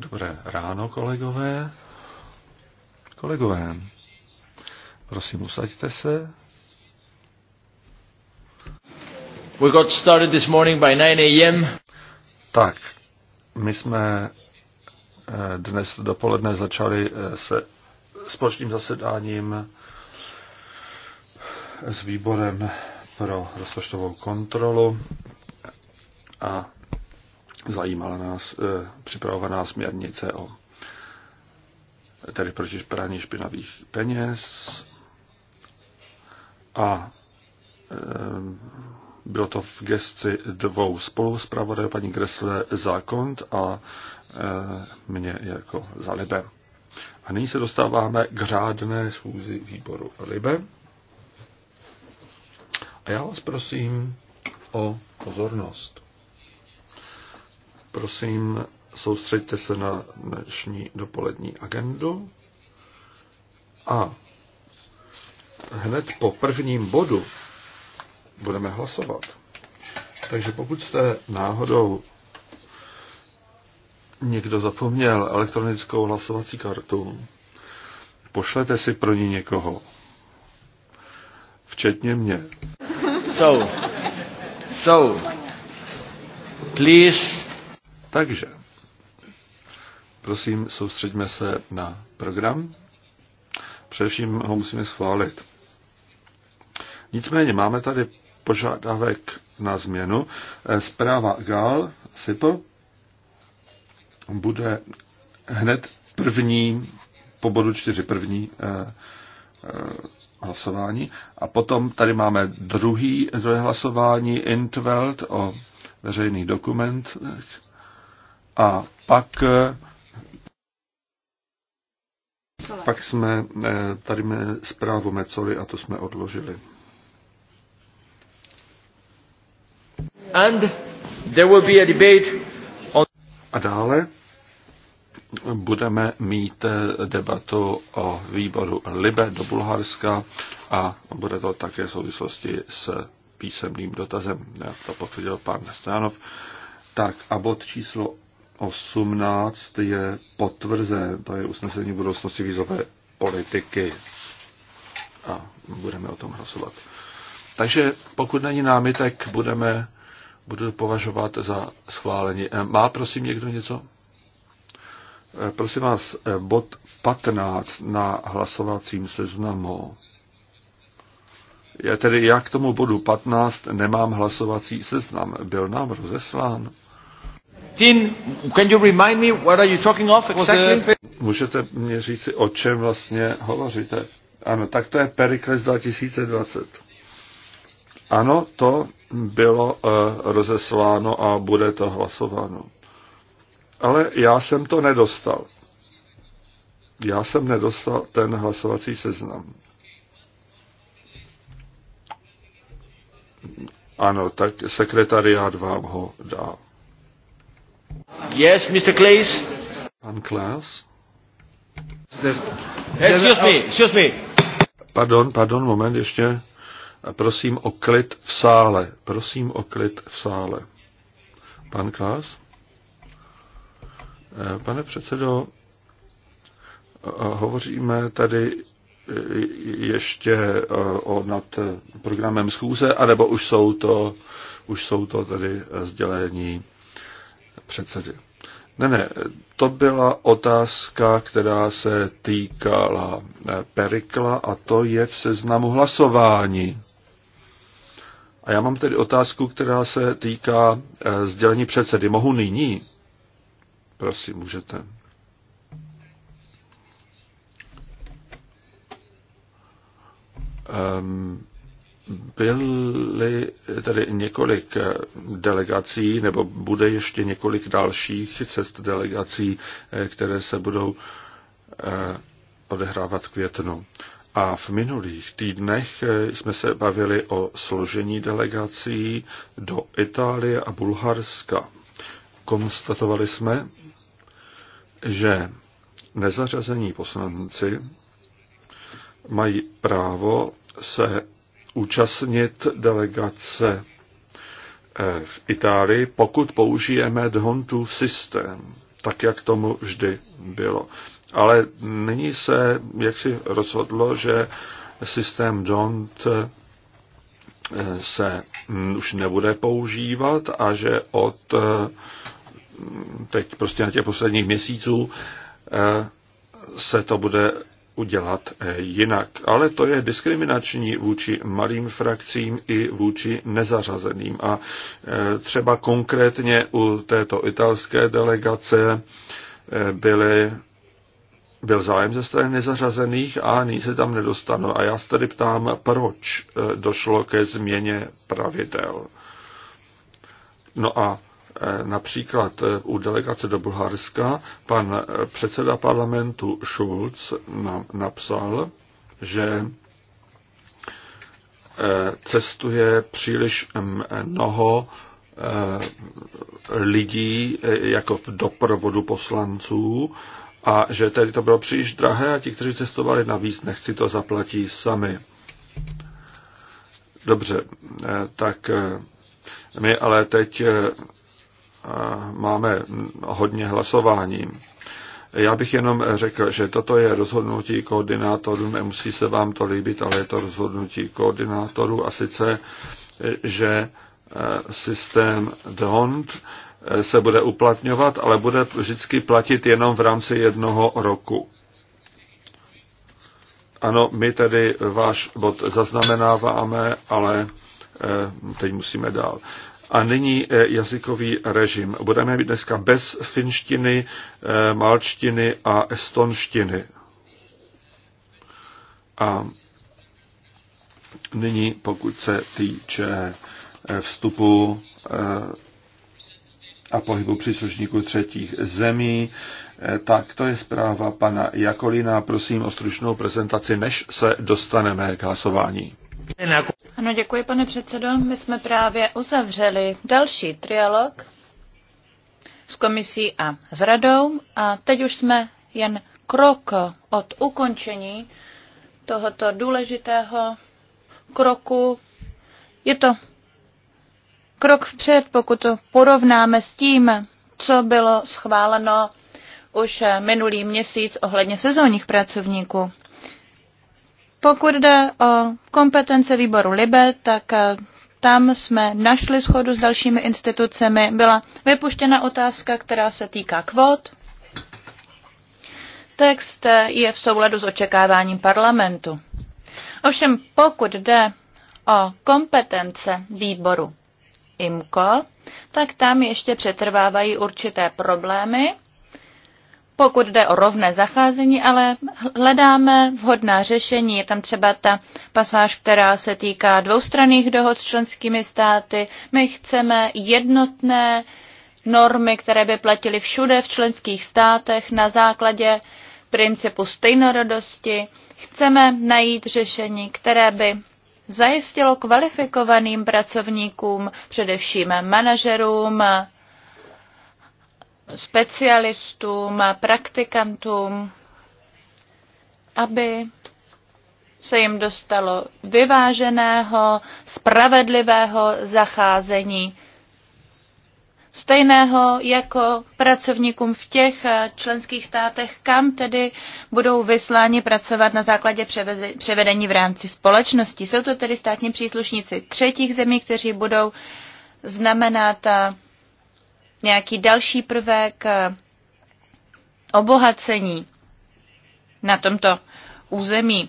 Dobré ráno, kolegové. Kolegové, prosím, usaďte se. We got started this morning by 9 a.m. Tak, my jsme eh, dnes dopoledne začali eh, se společným zasedáním eh, s výborem pro rozpočtovou kontrolu a zajímala nás e, připravovaná směrnice o tedy proti praní špinavých peněz a e, bylo to v gesci dvou spoluzpravodajů, paní Gressle za kont a e, mě jako za Libe. A nyní se dostáváme k řádné schůzi výboru Libe. A já vás prosím o pozornost. Prosím, soustřeďte se na dnešní dopolední agendu. A hned po prvním bodu budeme hlasovat. Takže pokud jste náhodou někdo zapomněl elektronickou hlasovací kartu, pošlete si pro ní někoho. Včetně mě. So, so, please takže, prosím, soustředíme se na program. Především ho musíme schválit. Nicméně máme tady požadavek na změnu. Eh, zpráva GAL, SIPO, bude hned první, po bodu čtyři první eh, eh, hlasování. A potom tady máme druhý, druhé hlasování Intveld o veřejných dokumentech. A pak, eh, pak jsme eh, tady zprávu Mecoli a to jsme odložili. And there will be a debate on... A dále budeme mít eh, debatu o výboru Libe do Bulharska a bude to také v souvislosti s písemným dotazem. Já to potvrdil pan Stánov. Tak a bod číslo 18 je potvrzen, to je usnesení budoucnosti vízové politiky. A budeme o tom hlasovat. Takže pokud není námitek, budeme, budu považovat za schválení. Eh, má prosím někdo něco? Eh, prosím vás, eh, bod 15 na hlasovacím seznamu. Já tedy já k tomu bodu 15 nemám hlasovací seznam. Byl nám rozeslán. Can you remind me what are you talking of exactly? Můžete mě říct, o čem vlastně hovoříte? Ano, tak to je Perikles 2020. Ano, to bylo uh, rozesláno a bude to hlasováno. Ale já jsem to nedostal. Já jsem nedostal ten hlasovací seznam. Ano, tak sekretariát vám ho dá. Yes, Mr. Claes. Pan Claes. Eh, excuse me, excuse me. Pardon, pardon, moment ještě. Prosím o klid v sále. Prosím o klid v sále. Pan Klaas. Eh, pane předsedo, eh, hovoříme tady ještě o, nad programem schůze, anebo už jsou to, už jsou to tady sdělení předsedy. Ne, ne, to byla otázka, která se týkala eh, Perikla a to je v seznamu hlasování. A já mám tedy otázku, která se týká eh, sdělení předsedy. Mohu nyní? Prosím, můžete. Um, byly tedy několik delegací, nebo bude ještě několik dalších cest delegací, eh, které se budou eh, odehrávat květnu. A v minulých týdnech eh, jsme se bavili o složení delegací do Itálie a Bulharska. Konstatovali jsme, že nezařazení poslanci mají právo se účastnit delegace eh, v Itálii, pokud použijeme Dhontu systém, tak jak tomu vždy bylo. Ale nyní se jaksi rozhodlo, že systém DONT eh, se už nebude používat a že od eh, teď prostě na těch posledních měsíců se to bude udělat eh, jinak. Ale to je diskriminační vůči malým frakcím i vůči nezařazeným. A eh, třeba konkrétně u této italské delegace eh, byly byl zájem ze strany nezařazených a ní se tam nedostanu. A já se tedy ptám, proč došlo ke změně pravidel. No a Například eh, u delegace do Bulharska pan eh, předseda parlamentu Schulz nám napsal, že eh, cestuje příliš mm, mnoho lidí jako v doprovodu poslanců a že tedy to bylo příliš drahé a ti, kteří cestovali navíc, nechci to zaplatí sami. Dobře, tak my ale teď máme hodně hlasování. Já bych jenom řekl, že toto je rozhodnutí koordinátorů, nemusí se vám to líbit, ale je to rozhodnutí koordinátorů a sice, že e, systém DONT e, se bude uplatňovat, ale bude vždycky platit jenom v rámci jednoho roku. Ano, my tedy váš bod zaznamenáváme, ale e, teď musíme dál. A nyní eh, jazykový režim. Budeme mít dneska bez finštiny, eh, malčtiny a estonštiny. A nyní, pokud se týče eh, vstupu a pohybu příslušníků třetích zemí. Tak to je zpráva pana Jakolina. Prosím o stručnou prezentaci, než se dostaneme k hlasování. Ano, děkuji, pane předsedo. My jsme právě uzavřeli další trialog s komisí a s radou a teď už jsme jen krok od ukončení tohoto důležitého kroku. Je to krok vpřed, pokud to porovnáme s tím, co bylo schváleno už minulý měsíc ohledně sezónních pracovníků. Pokud jde o kompetence výboru LIBE, tak eh, tam jsme našli schodu s dalšími institucemi. Byla vypuštěna otázka, která se týká kvot. Text eh, je v souladu s očekáváním parlamentu. Ovšem pokud jde o kompetence výboru IMCO, tak tam ještě přetrvávají určité problémy pokud jde o rovné zacházení, ale hledáme vhodná řešení. Je tam třeba ta pasáž, která se týká dvoustranných dohod s členskými státy. My chceme jednotné normy, které by platily všude v členských státech na základě principu stejnorodosti. Chceme najít řešení, které by zajistilo kvalifikovaným pracovníkům, především manažerům, specialistům, praktikantům, aby se jim dostalo vyváženého, spravedlivého zacházení, stejného jako pracovníkům v těch členských státech, kam tedy budou vysláni pracovat na základě převedení v rámci společnosti. Jsou to tedy státní příslušníci třetích zemí, kteří budou znamenat nějaký další prvek eh, obohacení na tomto území.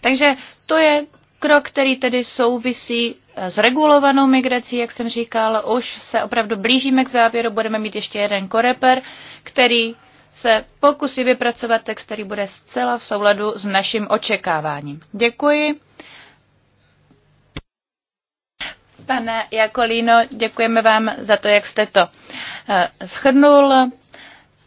Takže to je krok, který tedy souvisí eh, s regulovanou migrací, jak jsem říkal, už se opravdu blížíme k závěru, budeme mít ještě jeden koreper, který se pokusí vypracovat text, který bude zcela v souladu s naším očekáváním. Děkuji. Pane Jakolíno, děkujeme vám za to, jak jste to eh, schrnul.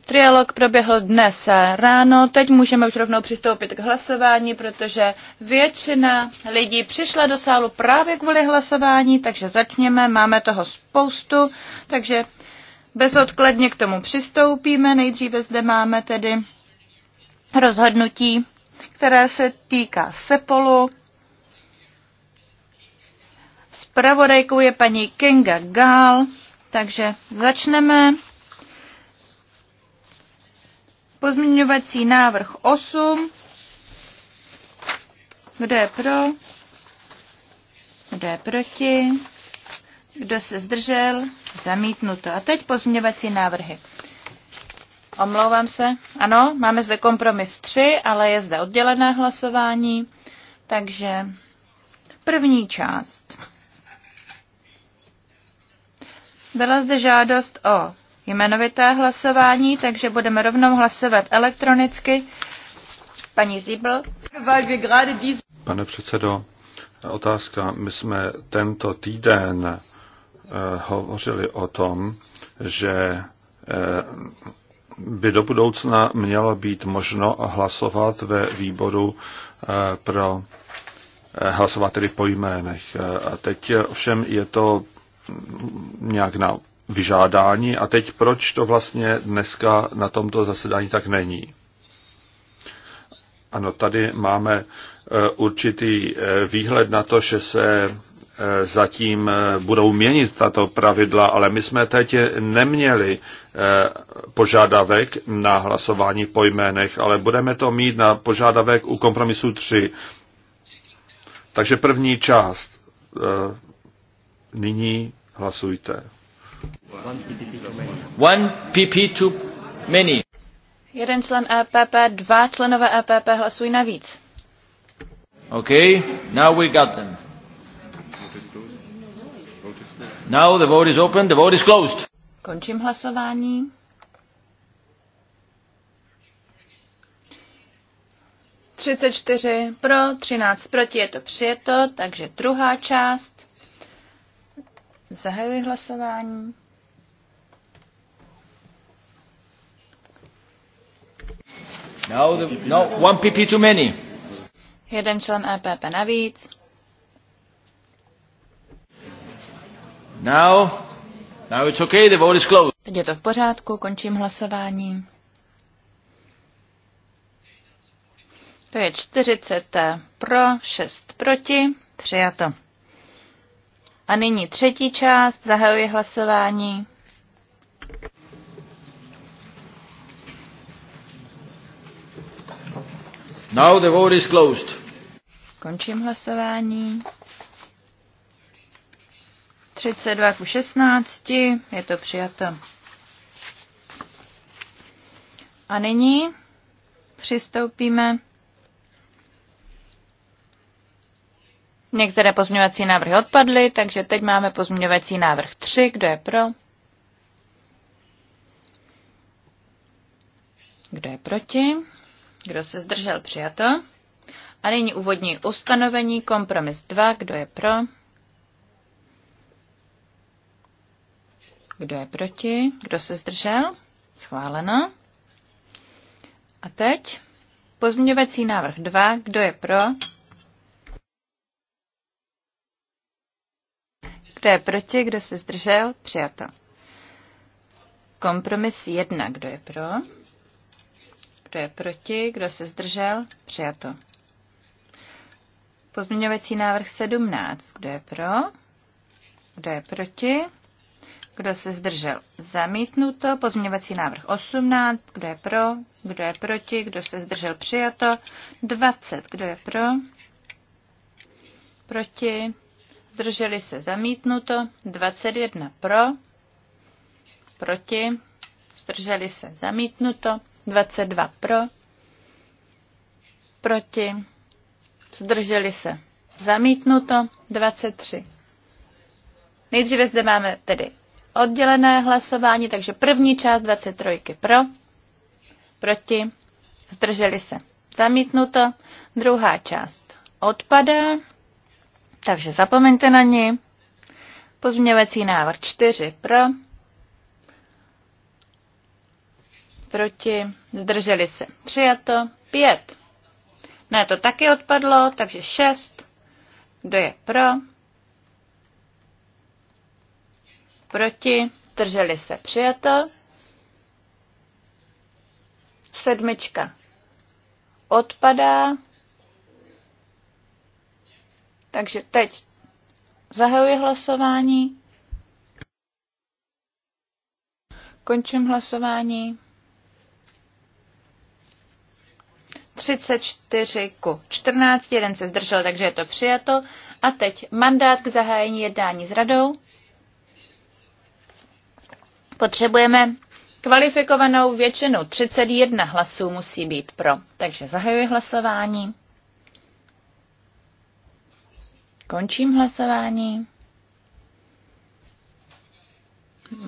Trialog proběhl dnes eh, ráno, teď můžeme už rovnou přistoupit k hlasování, protože většina lidí přišla do sálu právě kvůli hlasování, takže začněme, máme toho spoustu, takže bezodkladně k tomu přistoupíme. Nejdříve zde máme tedy rozhodnutí, které se týká Sepolu Spravodajkou je paní Kinga Gál, takže začneme. Pozměňovací návrh 8. Kdo je pro? Kdo je proti? Kdo se zdržel? Zamítnuto. A teď pozměňovací návrhy. Omlouvám se. Ano, máme zde kompromis 3, ale je zde oddělené hlasování. Takže první část. Byla zde žádost o jmenovité hlasování, takže budeme rovnou hlasovat elektronicky. Paní Zibl. Pane předsedo, otázka. My jsme tento týden eh, hovořili o tom, že eh, by do budoucna mělo být možno hlasovat ve výboru eh, pro hlasovat tedy po jménech. A teď ovšem je to nějak na vyžádání. A teď proč to vlastně dneska na tomto zasedání tak není? Ano, tady máme eh, určitý eh, výhled na to, že se eh, zatím budou měnit tato pravidla, ale my jsme teď neměli požádavek na hlasování po jménech, ale budeme to mít na požádavek u kompromisu 3. Takže první část nyní Hlasujte. One PP too many. Jeden člen EPP, dva členové EPP hlasují navíc. OK, now we got them. Now the vote is open, the vote is closed. Končím hlasování. Třicet čtyři pro, třináct proti je to přijeto, takže druhá část. Zahajuji hlasování. No, the, no, one PP too many. Jeden člen EPP navíc. Now, now it's okay, the vote is closed. Teď je to v pořádku, končím hlasování. To je 40 pro, 6 proti, přijato. A nyní třetí část, zahajuje hlasování. Now the vote is closed. Končím hlasování. 32 ku 16, je to přijato. A nyní přistoupíme Některé pozměňovací návrhy odpadly, takže teď máme pozměňovací návrh 3. Kdo je pro? Kdo je proti? Kdo se zdržel? Přijato. A nyní úvodní ustanovení, kompromis 2. Kdo je pro? Kdo je proti? Kdo se zdržel? Schváleno. A teď pozměňovací návrh 2. Kdo je pro? Kdo je proti? Kdo se zdržel? Přijato. Kompromis jedna, Kdo je pro? Kdo je proti? Kdo se zdržel? Přijato. Pozměňovací návrh 17. Kdo je pro? Kdo je proti? Kdo se zdržel? Zamítnuto. Pozměňovací návrh 18. Kdo je pro? Kdo je proti? Kdo se zdržel? Přijato. 20. Kdo je pro? Proti? zdrželi se zamítnuto, 21 pro, proti, zdrželi se zamítnuto, 22 pro, proti, zdrželi se zamítnuto, 23. Nejdříve zde máme tedy oddělené hlasování, takže první část 23 pro, proti, zdrželi se zamítnuto, druhá část odpadá, takže zapomeňte na ní. Pozměňovací návrh 4 pro, proti, zdrželi se, přijato, 5. Ne, to taky odpadlo, takže 6. Kdo je pro? Proti, zdrželi se, přijato. Sedmička odpadá, takže teď zahajuji hlasování. Končím hlasování. 34 ku 14, jeden se zdržel, takže je to přijato. A teď mandát k zahájení jednání s radou. Potřebujeme kvalifikovanou většinu. 31 hlasů musí být pro. Takže zahajuji hlasování. Končím hlasování.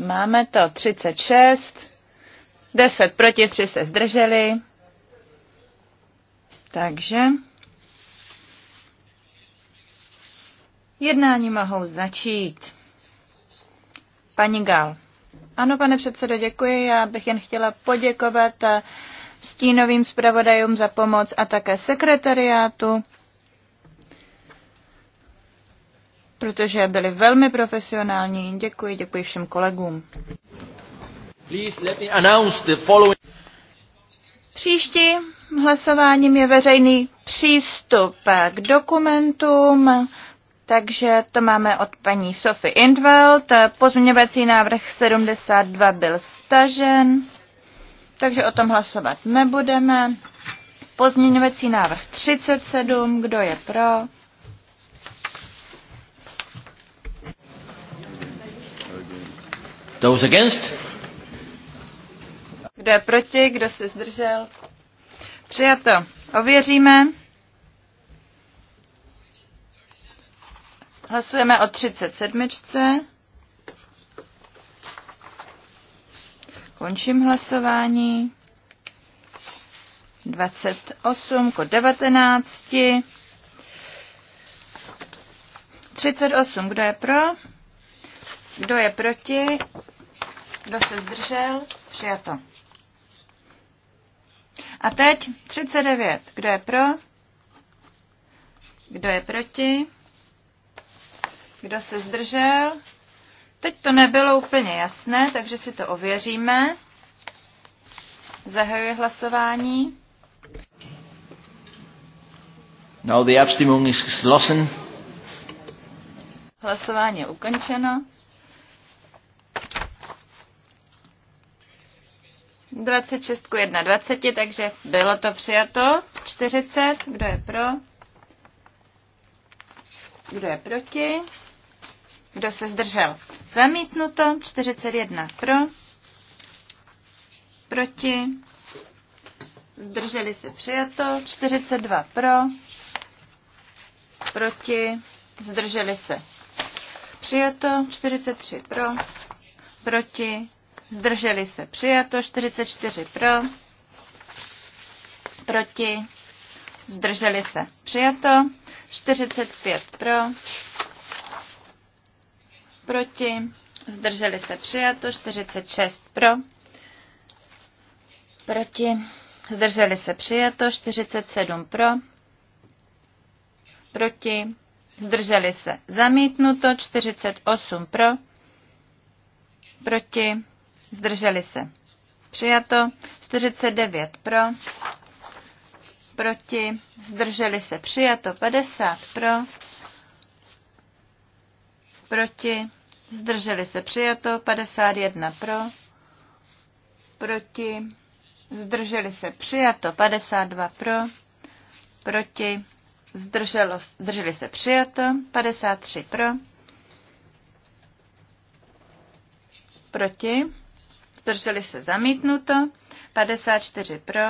Máme to 36, 10 proti, 3 se zdrželi. Takže jednání mohou začít. Paní Gal. Ano, pane předsedo, děkuji. Já bych jen chtěla poděkovat stínovým zpravodajům za pomoc a také sekretariátu protože byli velmi profesionální. Děkuji, děkuji všem kolegům. Příští hlasováním je veřejný přístup k dokumentům, takže to máme od paní Sophie Indveld. Pozměňovací návrh 72 byl stažen, takže o tom hlasovat nebudeme. Pozměňovací návrh 37, kdo je pro? Those against? Kdo je proti, kdo se zdržel? Přijato. Ověříme. Hlasujeme o 37. Končím hlasování. 28 k 19. 38. Kdo je pro? Kdo je proti? Kdo se zdržel? Přijato. A teď 39. Kdo je pro? Kdo je proti? Kdo se zdržel? Teď to nebylo úplně jasné, takže si to ověříme. Zahajuje hlasování. No, the Abstimmung is geschlossen. Hlasování je ukončeno. 26 ku 21, takže bylo to přijato. 40, kdo je pro? Kdo je proti? Kdo se zdržel? Zamítnuto. 41 pro. Proti. Zdrželi se přijato. 42 pro. Proti. Zdrželi se přijato. 43 pro. Proti zdrželi se přijato, 44 pro, proti, zdrželi se přijato, 45 pro, proti, zdrželi se přijato, 46 pro, proti, zdrželi se přijato, 47 pro, proti, zdrželi se zamítnuto, 48 pro, proti, zdrželi se. Přijato 49 pro, proti, zdrželi se. Přijato 50 pro, proti, zdrželi se. Přijato 51 pro, proti, zdrželi se. Přijato 52 pro, proti, zdrželo, zdrželi se. Přijato 53 pro, proti, zdrželi se zamítnuto, 54 pro,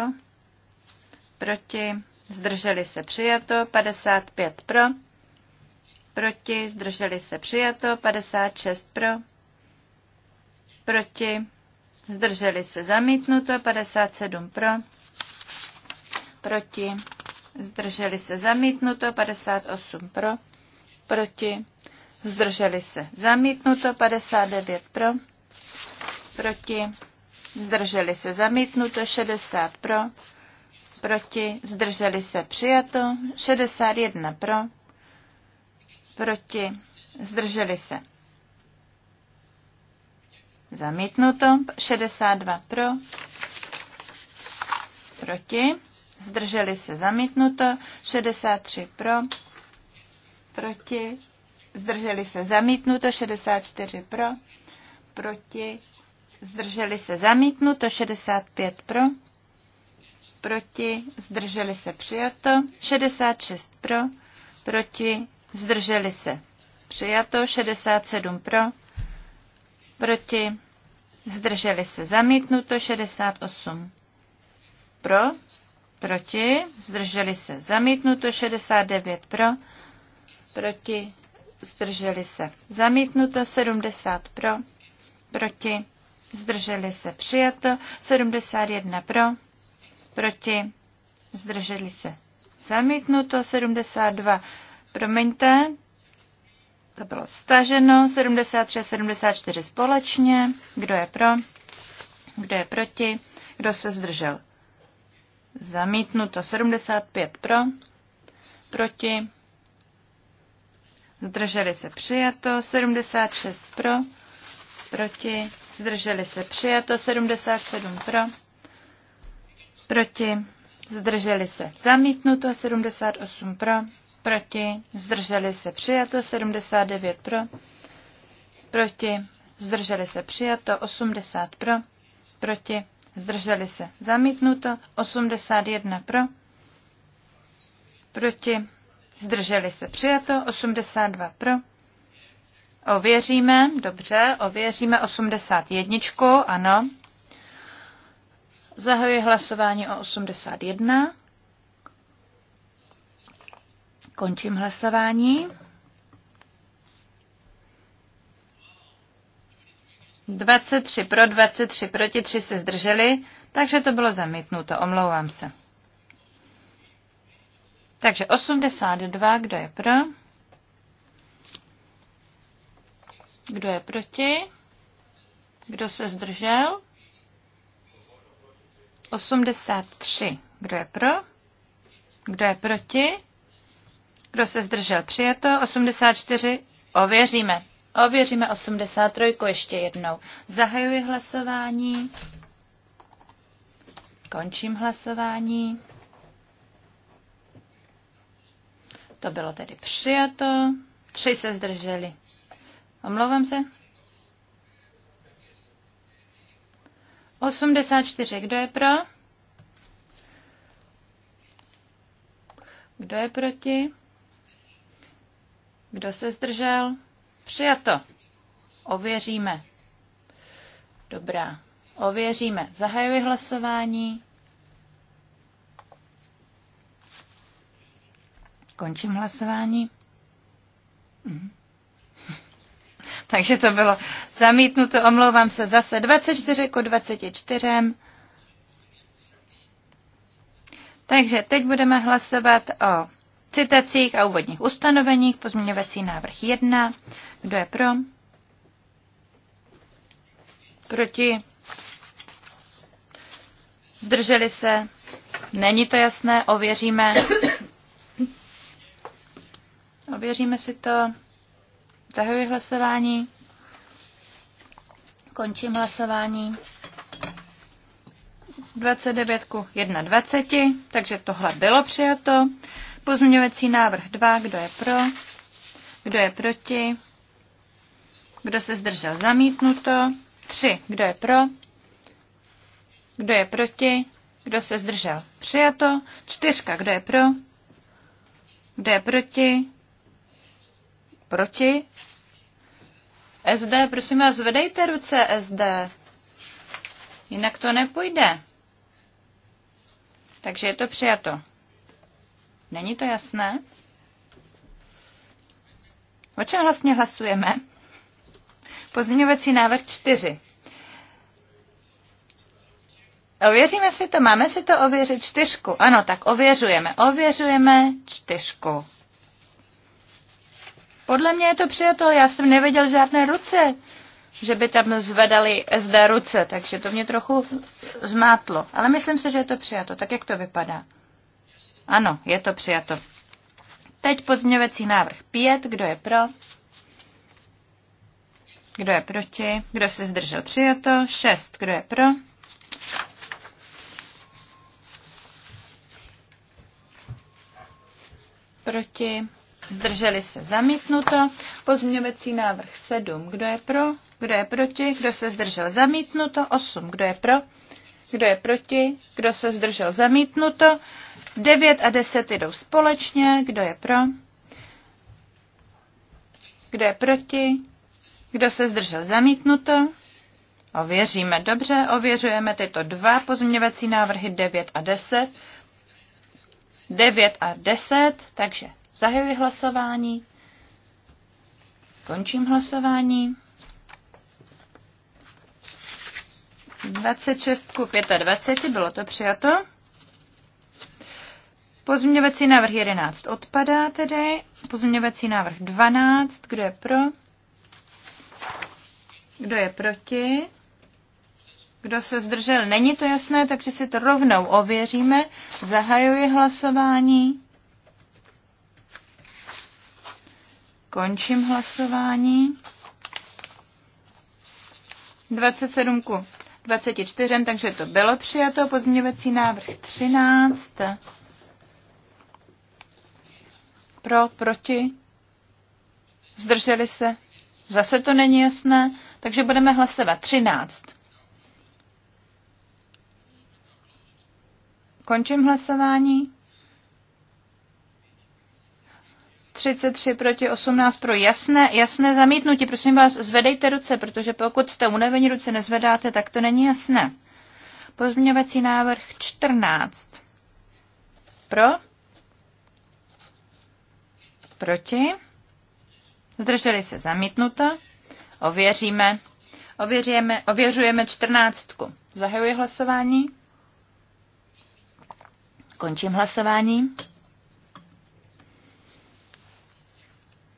proti, zdrželi se přijato, 55 pro, proti, zdrželi se přijato, 56 pro, proti, zdrželi se zamítnuto, 57 pro, proti, zdrželi se zamítnuto, 58 pro, proti, zdrželi se zamítnuto, 59 pro, proti, zdrželi se zamítnuto, 60 pro, proti, zdrželi se přijato, 61 pro, proti, zdrželi se zamítnuto, 62 pro, proti, zdrželi se zamítnuto, 63 pro, proti, zdrželi se zamítnuto, 64 pro, proti, zdrželi se zamítnuto, 65 pro, proti, zdrželi se přijato, 66 pro, proti, zdrželi se přijato, 67 pro, proti, zdrželi se zamítnuto, 68 pro, proti, zdrželi se zamítnuto, 69 pro, proti, zdrželi se zamítnuto, 70 pro, proti, zdrželi se přijato, 71 pro, proti, zdrželi se zamítnuto, 72, promiňte, to bylo staženo, 73 74 společně, kdo je pro, kdo je proti, kdo se zdržel. Zamítnuto 75 pro, proti, zdrželi se přijato, 76 pro, proti, zdrželi se přijato, 77 pro, proti, zdrželi se zamítnuto, 78 pro, proti, zdrželi se přijato, 79 pro, proti, zdrželi se přijato, 80 pro, proti, zdrželi se zamítnuto, 81 pro, proti, zdrželi se přijato, 82 pro, Ověříme, dobře, ověříme 81, ano. Zahajuji hlasování o 81. Končím hlasování. 23 pro, 23 proti, tři se zdrželi, takže to bylo zamítnuto, omlouvám se. Takže dva, kdo je pro? Kdo je proti? Kdo se zdržel? 83. Kdo je pro? Kdo je proti? Kdo se zdržel? Přijeto. 84. Ověříme. Ověříme 83 ještě jednou. Zahajuji hlasování. Končím hlasování. To bylo tedy přijato. Tři se zdrželi. Omlouvám se. 84. Kdo je pro? Kdo je proti? Kdo se zdržel? Přijato. Ověříme. Dobrá. Ověříme. Zahajuji hlasování. Končím hlasování. Mm-hmm. takže to bylo zamítnuto, omlouvám se zase 24 ku 24. Takže teď budeme hlasovat o citacích a úvodních ustanoveních, pozměňovací návrh 1. Kdo je pro? Proti? Zdrželi se? Není to jasné, ověříme. Ověříme si to. Zahajuji hlasování. Končím hlasování. 29 ku 21, takže tohle bylo přijato. Pozměňovací návrh 2, kdo je pro, kdo je proti, kdo se zdržel zamítnuto, 3, kdo je pro, kdo je proti, kdo se zdržel přijato, 4, kdo je pro, kdo je proti, Proti? SD, prosím vás, zvedejte ruce SD. Jinak to nepůjde. Takže je to přijato. Není to jasné? O čem vlastně hlasujeme? Pozměňovací návrh 4. Ověříme si to, máme si to ověřit čtyřku. Ano, tak ověřujeme, ověřujeme čtyřku. Podle mě je to přijatel, já jsem neviděl žádné ruce, že by tam zvedali SD ruce, takže to mě trochu zmátlo. Ale myslím si, že je to přijato, tak jak to vypadá. Ano, je to přijato. Teď pozměňovací návrh 5, kdo je pro? Kdo je proti? Kdo se zdržel? Přijato. 6. Kdo je pro? Proti. Zdrželi se zamítnuto. Pozměňovací návrh 7. Kdo je pro? Kdo je proti? Kdo se zdržel zamítnuto? 8. Kdo je pro? Kdo je proti? Kdo se zdržel zamítnuto? 9 a 10 jdou společně. Kdo je pro? Kdo je proti? Kdo se zdržel zamítnuto? Ověříme dobře, ověřujeme tyto dva pozměňovací návrhy 9 a 10. 9 a 10, takže Zahajuji hlasování. Končím hlasování. 26 ku 25, bylo to přijato. Pozměňovací návrh 11 odpadá tedy. Pozměňovací návrh 12, kdo je pro? Kdo je proti? Kdo se zdržel? Není to jasné, takže si to rovnou ověříme. Zahajuji hlasování. Končím hlasování. 27 ku 24, takže to bylo přijato. Pozměňovací návrh 13. Pro, proti. Zdrželi se. Zase to není jasné, takže budeme hlasovat 13. Končím hlasování. 33 proti 18 pro jasné, jasné zamítnutí. Prosím vás, zvedejte ruce, protože pokud jste unavení ruce nezvedáte, tak to není jasné. Pozměňovací návrh 14. Pro? Proti? Zdrželi se zamítnuto. Ověříme. Ověříme, ověřujeme čtrnáctku. Zahajuji hlasování. Končím hlasování.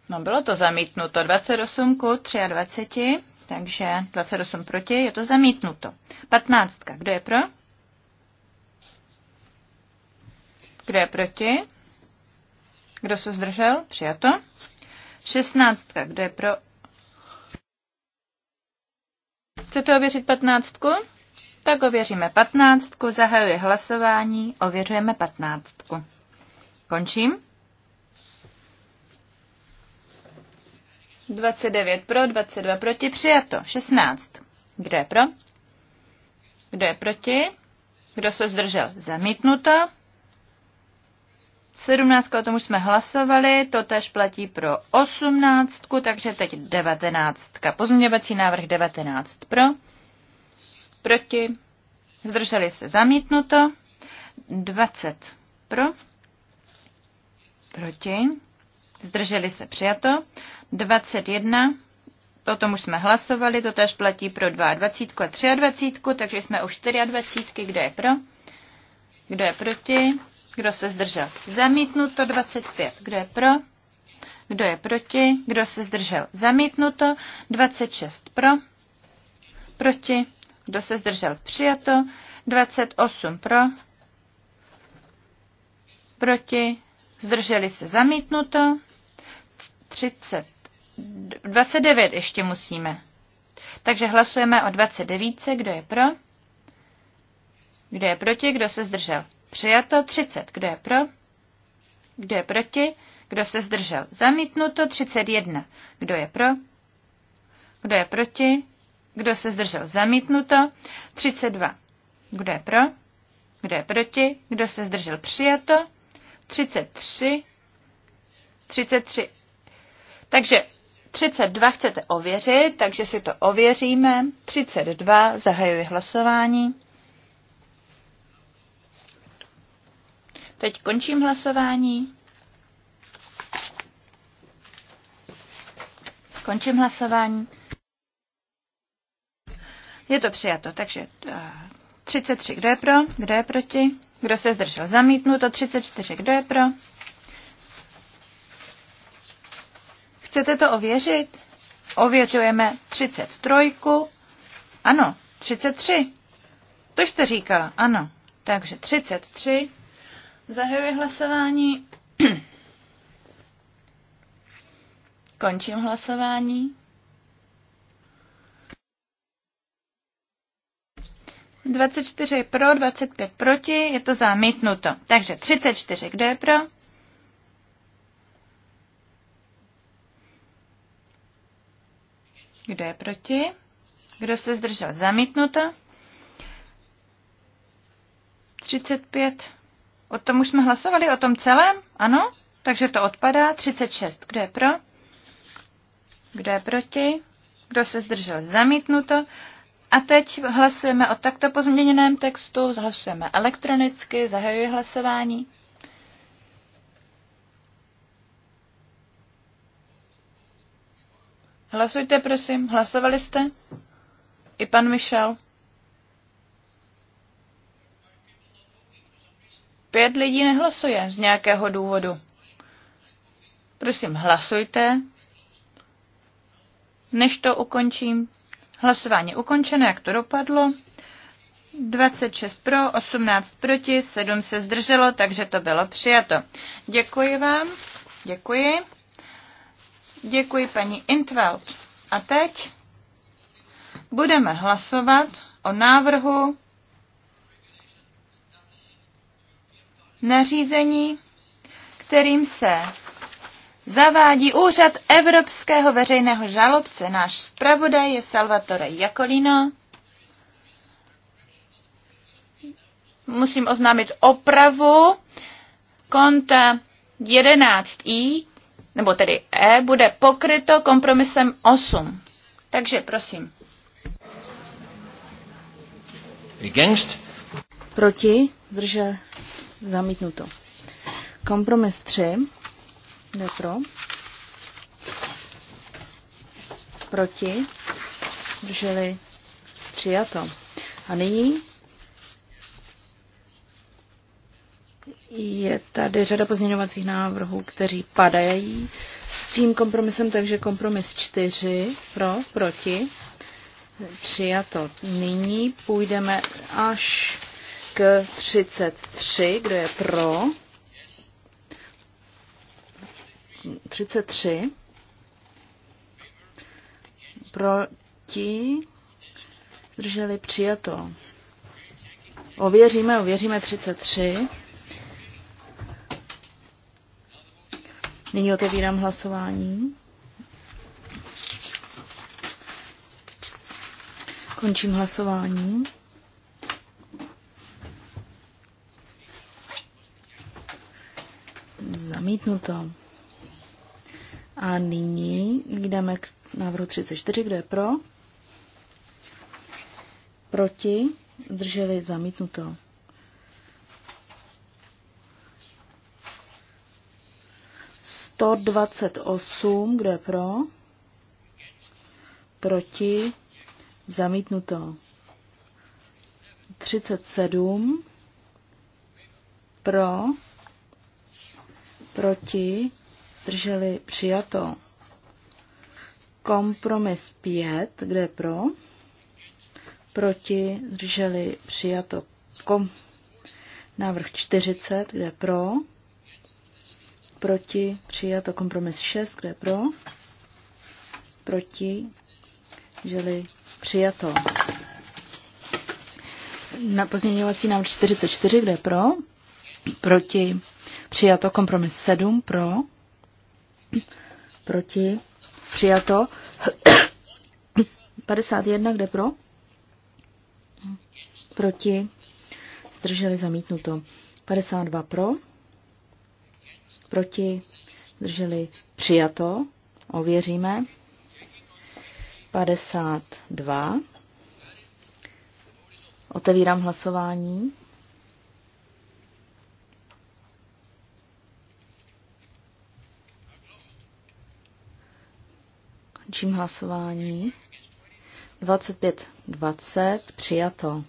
No bylo to zamítnuto. 28 ku 23, takže 28 proti, je to zamítnuto. 15. Kdo je pro? Kdo je proti? Kdo se zdržel? Přijato. 16. Kdo je pro? Chcete ověřit 15. Tak ověříme 15, zahajuji hlasování, ověřujeme 15. Končím. 29 pro, 22 proti, přijato. 16. Kdo je pro? Kdo je proti? Kdo se zdržel? Zamítnuto. 17, o tom už jsme hlasovali, to tež platí pro 18, takže teď 19. Pozměňovací návrh 19 pro, proti, zdrželi se zamítnuto, 20 pro, proti, zdrželi se přijato. 21, o tom už jsme hlasovali, to tež platí pro 22 a 23, takže jsme u 24, kdo je pro, kdo je proti, kdo se zdržel. Zamítnuto 25, kdo je pro, kdo je proti, kdo se zdržel. Zamítnuto 26 pro, proti, kdo se zdržel. Přijato 28 pro, proti, zdrželi se zamítnuto. 30. 29 ještě musíme. Takže hlasujeme o 29. Kdo je pro? Kdo je proti? Kdo se zdržel? Přijato 30. Kdo je pro? Kdo je proti? Kdo se zdržel? Zamítnuto 31. Kdo je pro? Kdo je proti? Kdo se zdržel? Zamítnuto 32. Kdo je pro? Kdo je proti? Kdo se zdržel? Přijato 33. 33 takže 32 chcete ověřit, takže si to ověříme. 32, zahajuji hlasování. Teď končím hlasování. Končím hlasování. Je to přijato, takže 33, eh, kdo je pro, kdo je proti, kdo se zdržel zamítnuto, 34, kdo je pro, Chcete to ověřit? Ověřujeme 33. Ano, 33. To jste říkala, ano. Takže 33. Zahajuji hlasování. Končím hlasování. 24 pro, 25 proti, je to zamítnuto. Takže 34, kdo je pro? Kdo je proti? Kdo se zdržel? Zamítnuto. 35. O tom už jsme hlasovali, o tom celém? Ano? Takže to odpadá. 36. Kdo je pro? Kdo je proti? Kdo se zdržel? Zamítnuto. A teď hlasujeme o takto pozměněném textu, hlasujeme elektronicky, zahajuji hlasování. Hlasujte, prosím. Hlasovali jste? I pan Michel. Pět lidí nehlasuje z nějakého důvodu. Prosím, hlasujte. Než to ukončím, hlasování ukončeno, jak to dopadlo. 26 pro, 18 proti, 7 se zdrželo, takže to bylo přijato. Děkuji vám. Děkuji. Děkuji paní Intveld. A teď budeme hlasovat o návrhu nařízení, kterým se zavádí úřad Evropského veřejného žalobce. Náš zpravodaj je Salvatore Jakolino. Musím oznámit opravu konta 11i, nebo tedy E, bude pokryto kompromisem 8. Takže prosím. Against? Proti, drže zamítnuto. Kompromis 3, jde pro. Proti, drželi přijato. A nyní Je tady řada pozměňovacích návrhů, kteří padají s tím kompromisem, takže kompromis 4 pro, proti, přijato. Nyní půjdeme až k 33, kdo je pro. 33. Proti. Drželi přijato. Ověříme, ověříme 33. Nyní otevírám hlasování. Končím hlasování. Zamítnuto. A nyní jdeme k návrhu 34. Kdo je pro? Proti? Drželi zamítnuto. 128, kdo je pro? Proti? Zamítnuto. 37 pro, proti, drželi přijato. Kompromis 5, kde pro, proti, drželi přijato. Kom, návrh 40, kde pro, proti, přijato kompromis 6, kde pro, proti, žili přijato. Na pozměňovací návrh 44, kde pro, proti, přijato kompromis 7, pro, proti, přijato 51, kde pro, proti, zdrželi zamítnuto 52 pro, proti, drželi přijato, ověříme. 52. Otevírám hlasování. Končím hlasování. 25, 20, přijato.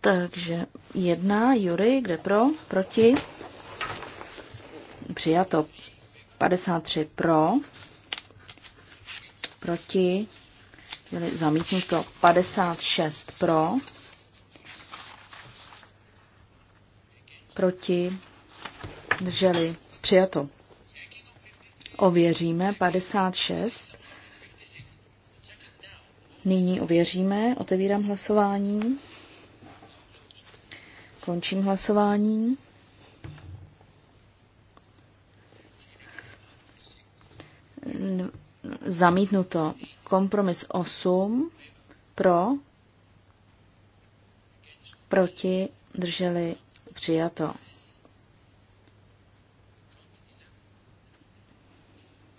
Takže jedna, Jury, kde pro, proti, přijato 53 pro, proti, byli zamítnuto 56 pro, proti, drželi, přijato. Ověříme 56. Nyní ověříme, otevírám hlasování. Končím hlasování. Zamítnuto. Kompromis 8 pro, proti, drželi přijato.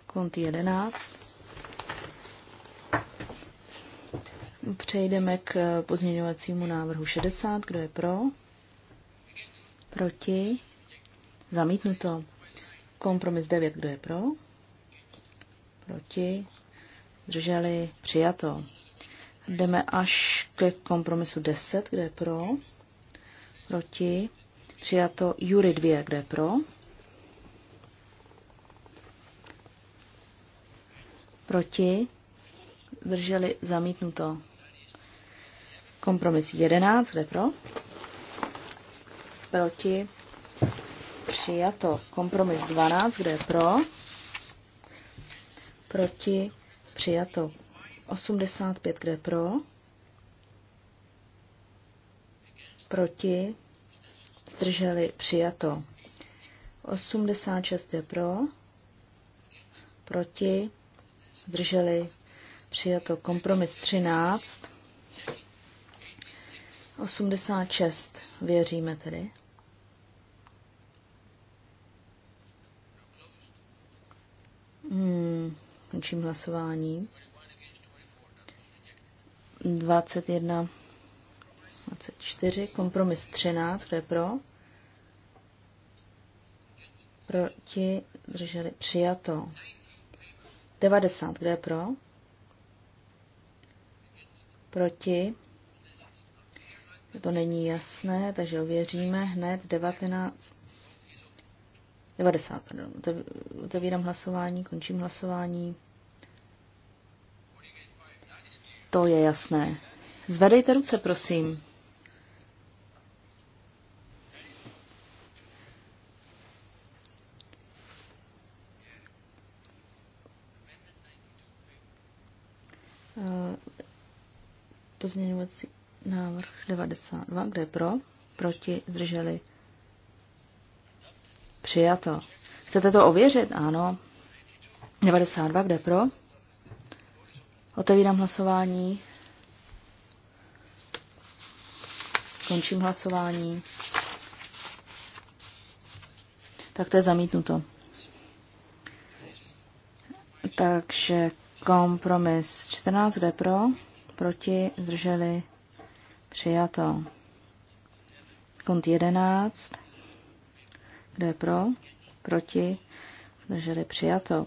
Kont 11. Přejdeme k pozměňovacímu návrhu 60. Kdo je pro? Proti? Zamítnuto. Kompromis 9. Kdo je pro? Proti? Drželi? Přijato. Jdeme až ke kompromisu 10. Kdo je pro? Proti? Přijato. Jury 2. Kdo je pro? Proti? Drželi? Zamítnuto. Kompromis 11. Kdo je pro? proti, přijato. Kompromis 12, kdo je pro, proti, přijato. 85, kdo je pro, proti, zdrželi, přijato. 86 je pro, proti, zdrželi, přijato. Kompromis 13, 86 věříme tedy. Hmm, končím hlasování. 21, 24, kompromis 13, kdo je pro? Proti, drželi, přijato. 90, kdo je pro? Proti, to není jasné, takže ověříme hned 19. 90, pardon. Otevírám hlasování, končím hlasování. To je jasné. Zvedejte ruce, prosím. Eh, pozměňovací Návrh 92, kde pro, proti, zdrželi. Přijato. Chcete to ověřit? Ano. 92, kde pro? Otevírám hlasování. Končím hlasování. Tak to je zamítnuto. Takže kompromis 14, kde pro? Proti, zdrželi, Přijato. Kont 11. Kde je pro? Proti. Zdrželi přijato.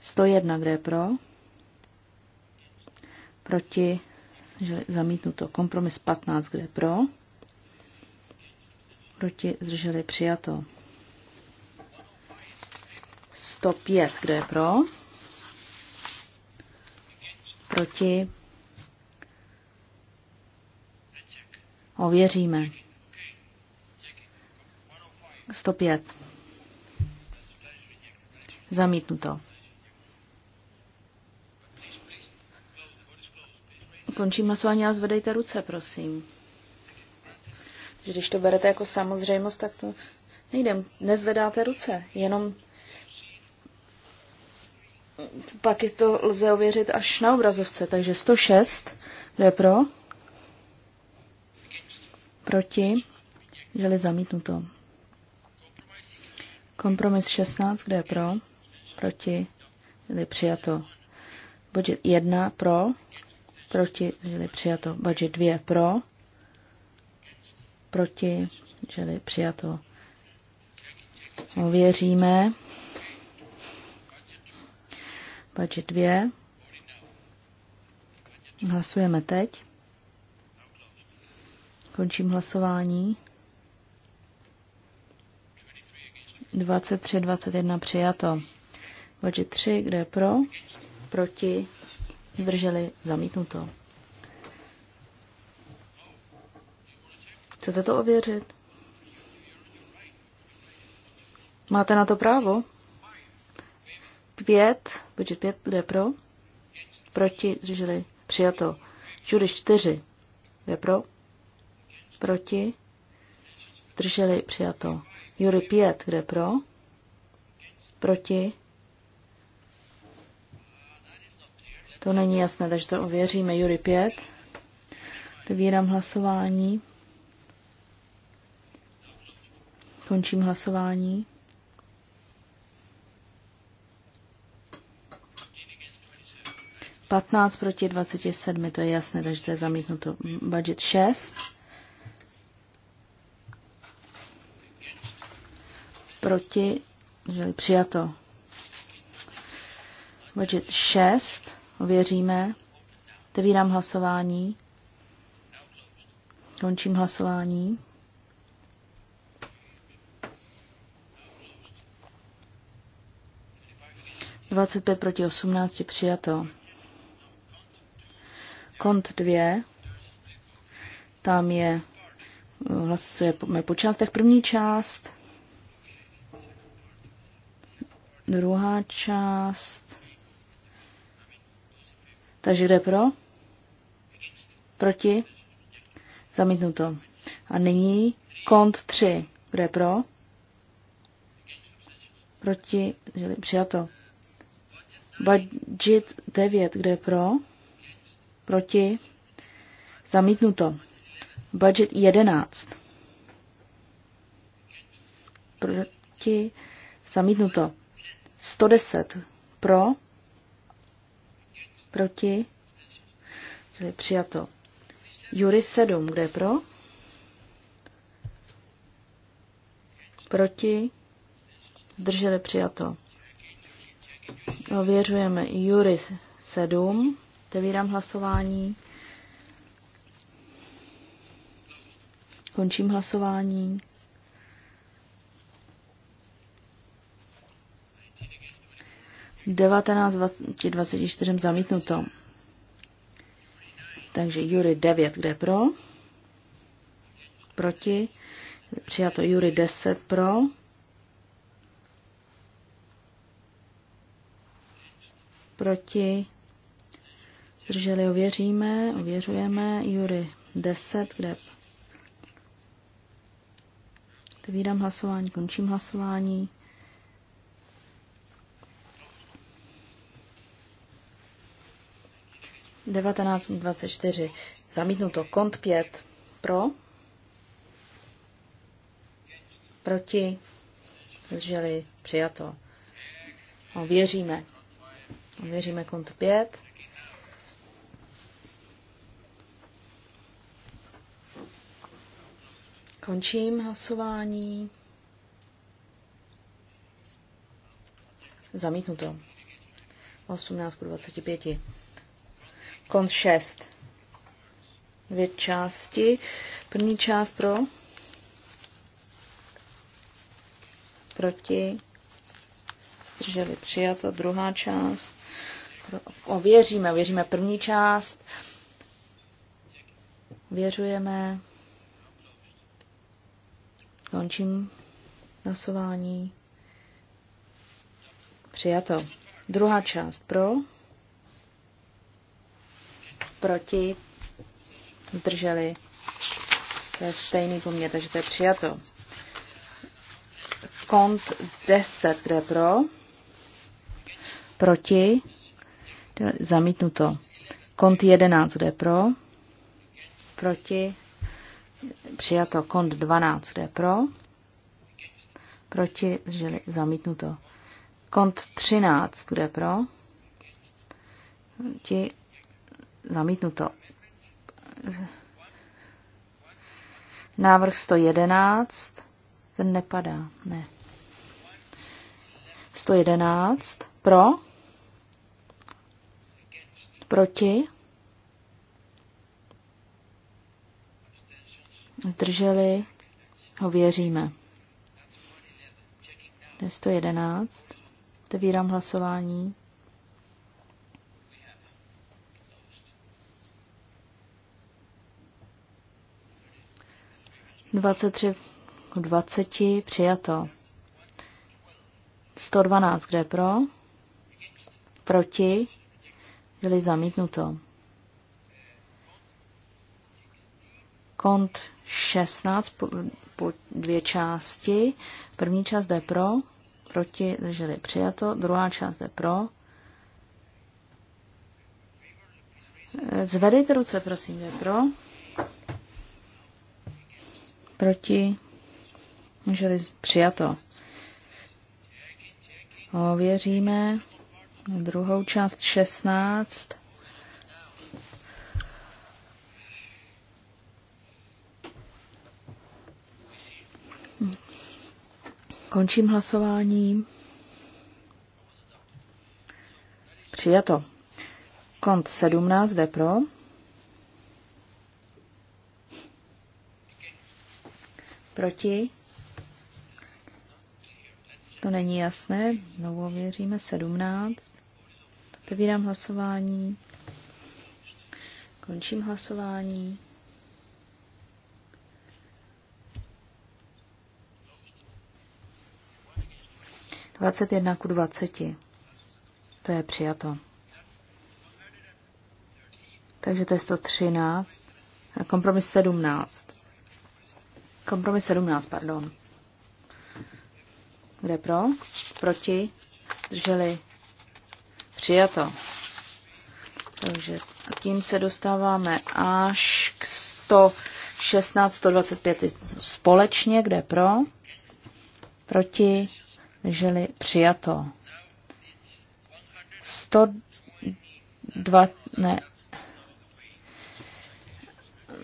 101. Kde je pro? Proti. Zdrželi zamítnuto. Kompromis 15. Kde je pro? Proti. Zdrželi přijato. 105. Kde je pro? Proti. Ověříme. 105. Zamítnuto. Končím hlasování a zvedejte ruce, prosím. Když to berete jako samozřejmost, tak to nejde. Nezvedáte ruce, jenom pak je to lze ověřit až na obrazovce. Takže 106, kdo je pro? Proti? Želi zamítnuto. Kompromis 16, kde je pro? Proti? Želi přijato. Budget 1 pro? Proti? Želi přijato. Budget 2 pro? Proti? Želi přijato. Ověříme. Budget 2. Hlasujeme teď. Končím hlasování. 23, 21 přijato. Vodži 3, kde je pro, proti, zdrželi, zamítnuto. Chcete to ověřit? Máte na to právo? Pět, budžet pět, kde je pro, proti, zdrželi, přijato. Judy čtyři, kde je pro, proti, drželi přijato. Jury 5, kde pro, proti, to není jasné, takže to ověříme. Jury 5, otevírám hlasování, končím hlasování. Patnáct proti 27, to je jasné, takže to je zamítnuto. Budget 6. proti, že přijato. Budget 6, ověříme. Otevírám hlasování. Končím hlasování. Dvacet pět proti osmnácti přijato. Kont dvě. Tam je hlasujeme po částech. První část Druhá část. Takže kde pro? Proti? Zamítnuto. A nyní kont 3. Kde pro? Proti? Přijato. Budget 9. Kde pro? Proti? Zamítnuto. Budget 11. Proti? Zamítnuto. 110 pro, proti, čili přijato. Jury 7, kde je pro? Proti, drželi přijato. Ověřujeme Jury 7, otevírám hlasování. Končím hlasování. 19 20, 24 zamítnuto. Takže Jury 9, kde pro? Proti. Přijato Jury 10 pro. Proti. Drželi ověříme, ověřujeme. Jury 10, kde Otevírám hlasování, končím hlasování. 1924. Zamítnuto. Kont 5. Pro. Proti. Zželi. Přijato. No, Ověříme. Věříme kont 5. Končím hlasování. Zamítnuto. 18 k 25. Kon 6. Dvě části. První část pro. Proti. Zdrželi přijato. Druhá část. Pro, ověříme. Ověříme první část. Věřujeme. Končím nasování. Přijato. Druhá část pro proti, zdrželi, to je stejný poměr, takže to je přijato. Kont 10, kde je pro, proti, zamítnuto. Kont 11, kde je pro, proti, přijato. Kont 12, kde je pro, proti, zdrželi, zamítnuto. Kont 13, kde je pro, proti, Zamítnuto. Návrh 111. Ten nepadá. Ne. 111. Pro. Proti. Zdrželi. Ho věříme. To je 111. Otevírám hlasování. 23 k 20 přijato. 112, kde pro? Proti? Byli zamítnuto. Kont 16 po, po dvě části. První část jde pro, proti drželi přijato, druhá část jde pro. Zvedejte ruce, prosím, jde pro proti, můželi přijato. Ověříme druhou část 16. Končím hlasování. Přijato. Kont 17 jde pro. Proti? To není jasné. Znovu věříme. 17. Otevírám hlasování. Končím hlasování. Dvacet jedna ku dvaceti. To je přijato. Takže to je 113. kompromis 17. Kompromis 17, pardon. Kde pro? Proti? Drželi? Přijato. Takže tím se dostáváme až k 116, 125 společně, kde pro? Proti? Drželi? Přijato. 102, ne,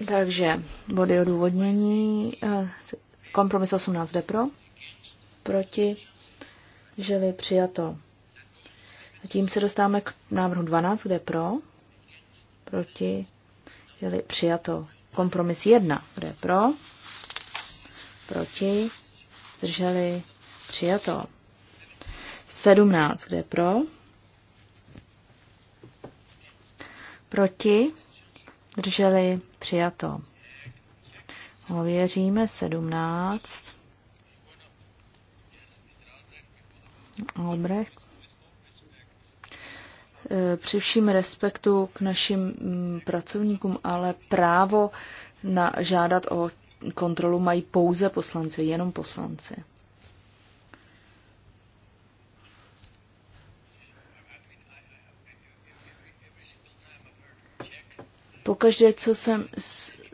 takže body odůvodnění. Eh, kompromis 18 jde pro. Proti. Žili přijato. A tím se dostáváme k návrhu 12, kde pro. Proti. Žili přijato. Kompromis 1, kde pro. Proti. Drželi přijato. 17, kde pro. Proti drželi, přijato. Ověříme 17. Albrecht. E, při vším respektu k našim mm, pracovníkům, ale právo na žádat o kontrolu mají pouze poslanci, jenom poslanci. Pokaždé, co jsem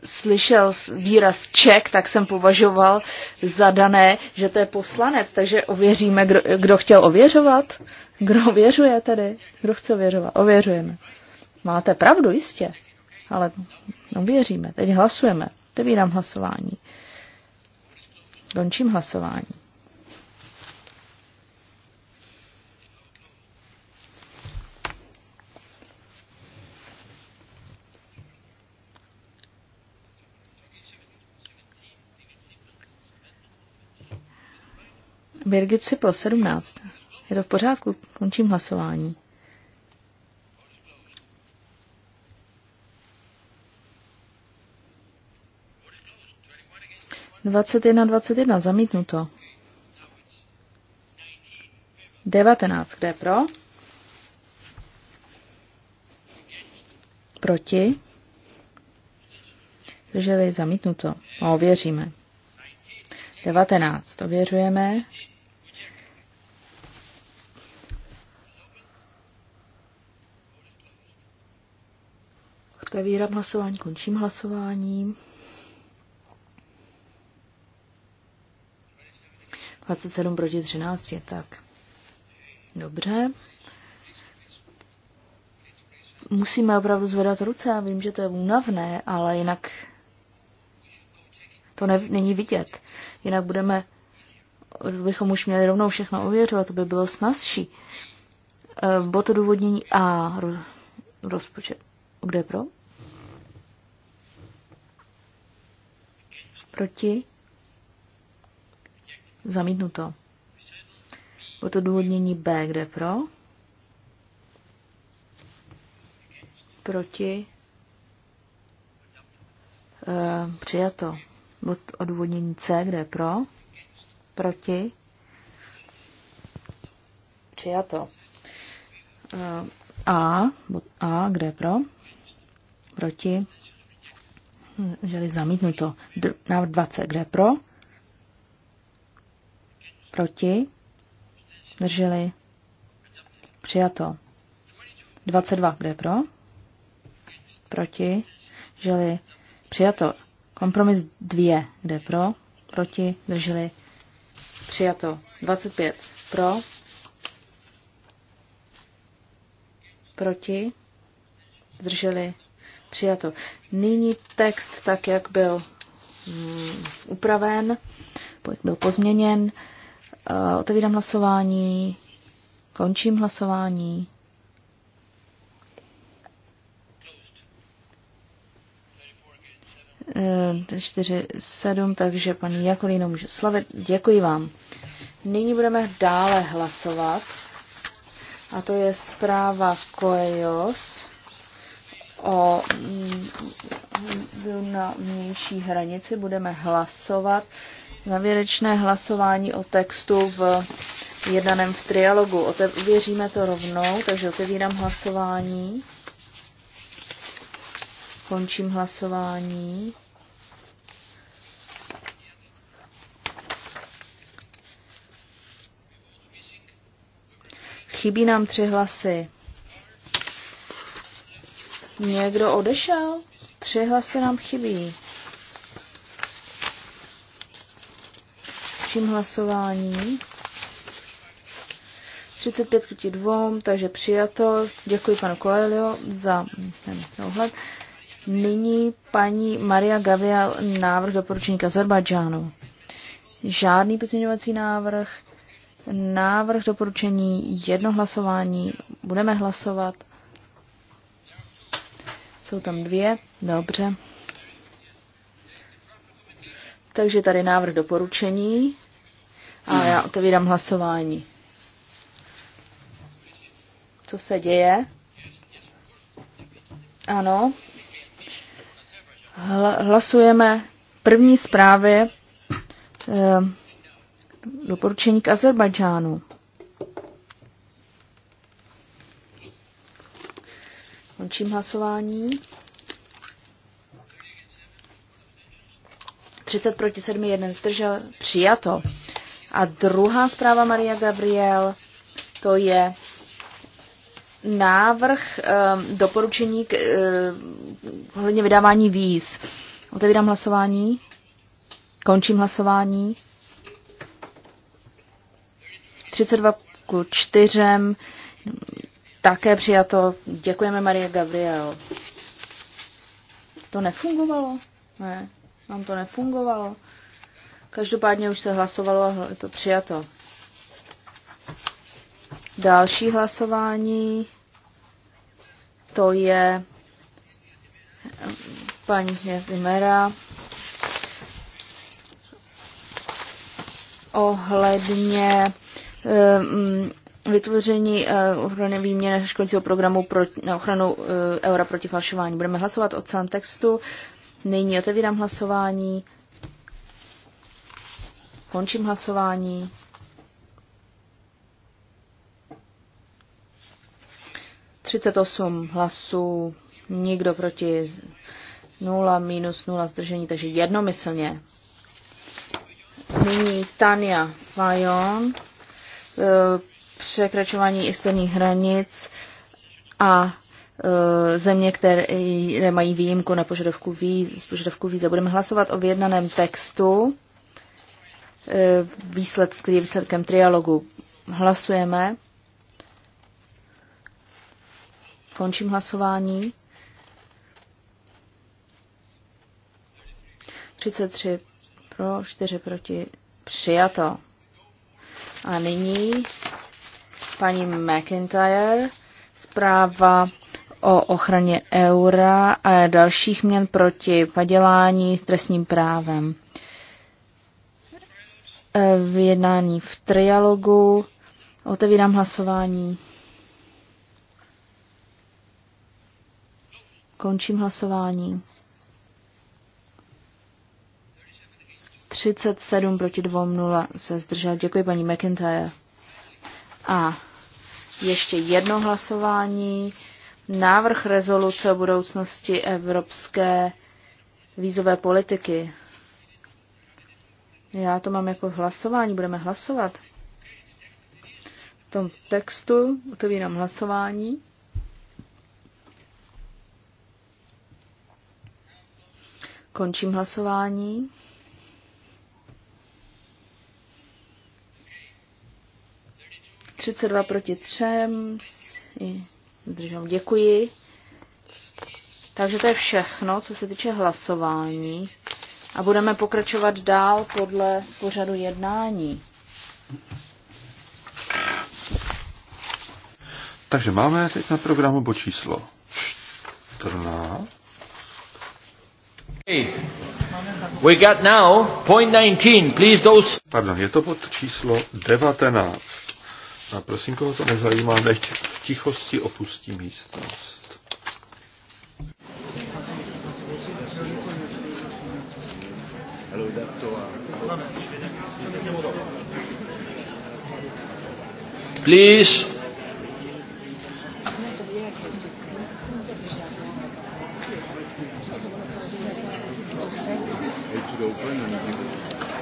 slyšel výraz Ček, tak jsem považoval za dané, že to je poslanec, takže ověříme, kdo, kdo chtěl ověřovat. Kdo ověřuje tedy? Kdo chce ověřovat? Ověřujeme. Máte pravdu, jistě, ale ověříme. Teď hlasujeme. Otevírám hlasování. Končím hlasování. Birgit Cipl, 17. Je to v pořádku, končím hlasování. Dvacet jedna, dvacet jedna, zamítnuto. Devatenáct, kde je pro? Proti? Drželi zamítnuto. No, ověříme. 19. Ověřujeme. Zavírám hlasování, končím hlasování. 27 proti 13, tak. Dobře. Musíme opravdu zvedat ruce, já vím, že to je únavné, ale jinak to ne, není vidět. Jinak budeme, bychom už měli rovnou všechno ověřovat, to by bylo snazší. E, Bod odůvodnění A, rozpočet. Kdo je pro? Proti? Zamítnuto. Bylo to důvodnění B, kde pro? Proti? E, přijato. Bylo to C, kde pro? Proti? Přijato. E, a, a, kde pro? Proti? Želi zamítnuto. Návrh 20. Kde pro? Proti? Drželi? Přijato. 22. Kde pro? Proti? Želi? Přijato. Kompromis 2. Kde pro? Proti? Drželi? Přijato. 25. Pro? Proti? drželi Přijato. Nyní text tak, jak byl mm, upraven, jak byl pozměněn. Uh, otevírám hlasování, končím hlasování. Eh, čtyři, sedm, takže paní Jakolino může slavit. Děkuji vám. Nyní budeme dále hlasovat. A to je zpráva Koejos o mm, mm, na vnější hranici. Budeme hlasovat. Zavěrečné hlasování o textu v jednaném v trialogu. Otevěříme to rovnou, takže otevírám hlasování. Končím hlasování. Chybí nám tři hlasy. Někdo odešel? Tři hlasy nám chybí. Čím hlasování? 35 k 2, takže přijato. Děkuji panu Coelho za ten ohled. Nyní paní Maria Gavial návrh doporučení k Azerbajdžánu. Žádný pozměňovací návrh, návrh doporučení, jedno hlasování, budeme hlasovat. Jsou tam dvě, dobře. Takže tady návrh doporučení a já otevírám hlasování. Co se děje? Ano. Hlasujeme první zprávě eh, doporučení k Azerbajdžánu. Končím hlasování. 30 proti 7, 1 zdržel, přijato. A druhá zpráva Maria Gabriel, to je návrh um, doporučení k, um, ehm, hledně vydávání víz. Otevírám hlasování. Končím hlasování. 32 ku 4 také přijato. Děkujeme, Marie Gabriel. To nefungovalo? Ne, nám to nefungovalo. Každopádně už se hlasovalo a je to přijato. Další hlasování, to je eh, paní Zimera ohledně eh, mm, vytvoření eh, ochrany výměny školního programu pro, na ochranu eh, eura proti falšování. Budeme hlasovat o celém textu. Nyní otevírám hlasování. Končím hlasování. Třicet osm hlasů, nikdo proti, nula minus nula zdržení, takže jednomyslně. Nyní Tania Fajon eh, překračování externích hranic a e, země, které mají výjimku na požadavku víz, požadavku víza. Budeme hlasovat o vyjednaném textu, e, výsled, který je výsledkem trialogu. Hlasujeme. Končím hlasování. 33 pro, 4 proti, přijato. A nyní paní McIntyre, zpráva o ochraně eura a dalších měn proti padělání s trestním právem. E, v jednání v trialogu otevírám hlasování. Končím hlasování. 37 proti 20 se zdržel. Děkuji paní McIntyre. A ještě jedno hlasování. Návrh rezoluce o budoucnosti evropské vízové politiky. Já to mám jako hlasování, budeme hlasovat. V tom textu otevírám hlasování. Končím hlasování. 32 proti 3. Držím, děkuji. Takže to je všechno, co se týče hlasování. A budeme pokračovat dál podle pořadu jednání. Takže máme teď na programu bod číslo 14. Hey. We got now point 19. Please those... Pardon, je to bod číslo 19. A prosím, koho to nezajímá, nechť v tichosti opustí místnost. Please.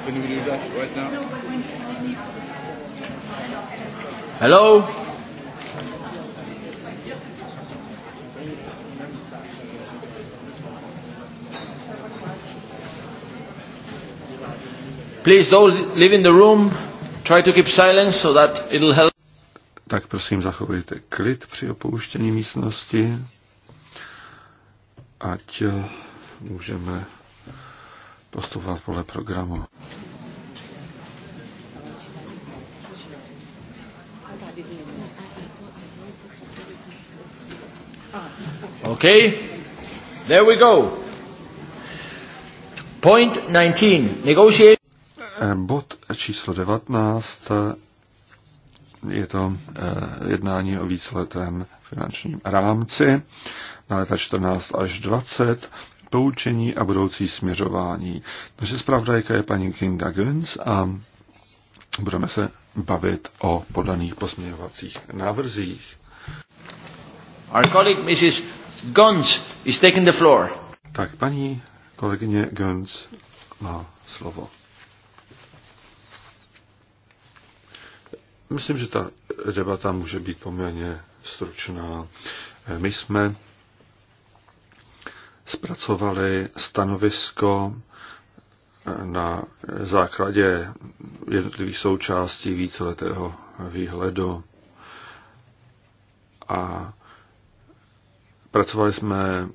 Can you do that right now? Hello? Please, those live in the room, try to keep silence so that it'll help. Tak prosím, zachovejte klid při opouštění místnosti, ať eh, můžeme postupovat podle programu. Okay? There we go. Point 19. Negotiate. Eh, bod číslo 19 eh, je to eh, jednání o víceletém finančním rámci na leta 14 až 20, poučení a budoucí směřování. Takže zpravodajka je paní Kinga Guns a budeme se bavit o podaných pozměňovacích návrzích. Our colleague Mrs. Gons is taking the floor. Tak paní kolegyně Gons má slovo. Myslím, že ta debata může být poměrně stručná. My jsme zpracovali stanovisko na základě jednotlivých součástí víceletého výhledu. A Pracovali jsme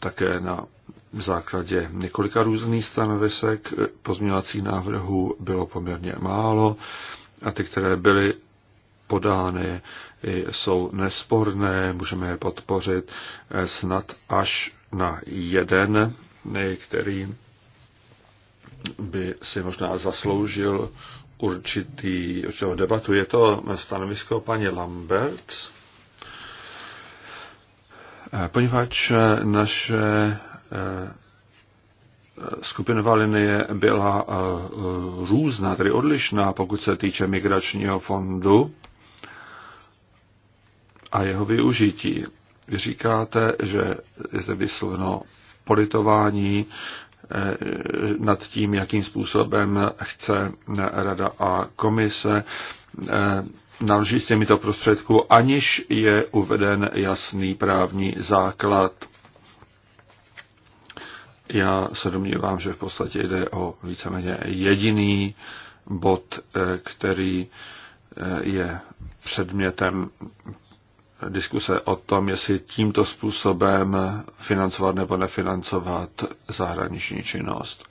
také na základě několika různých stanovisek. Pozměňovacích návrhů bylo poměrně málo a ty, které byly podány, jsou nesporné, můžeme je podpořit eh, snad až na jeden, eh, který by si možná zasloužil určitý, určitou debatu. Je to stanovisko paní Lamberts, Eh, poněvadž eh, naše eh, skupinová linie byla různá, tedy odlišná, pokud se týče migračního fondu a jeho využití. Vy říkáte, že je zde vysloveno politování nad tím, jakým způsobem chce Rada a komise naloží s těmito prostředků, aniž je uveden jasný právní základ. Já se domnívám, že v podstatě jde o víceméně jediný bod, eh, který eh, je předmětem diskuse o tom, jestli tímto způsobem financovat nebo nefinancovat zahraniční činnost.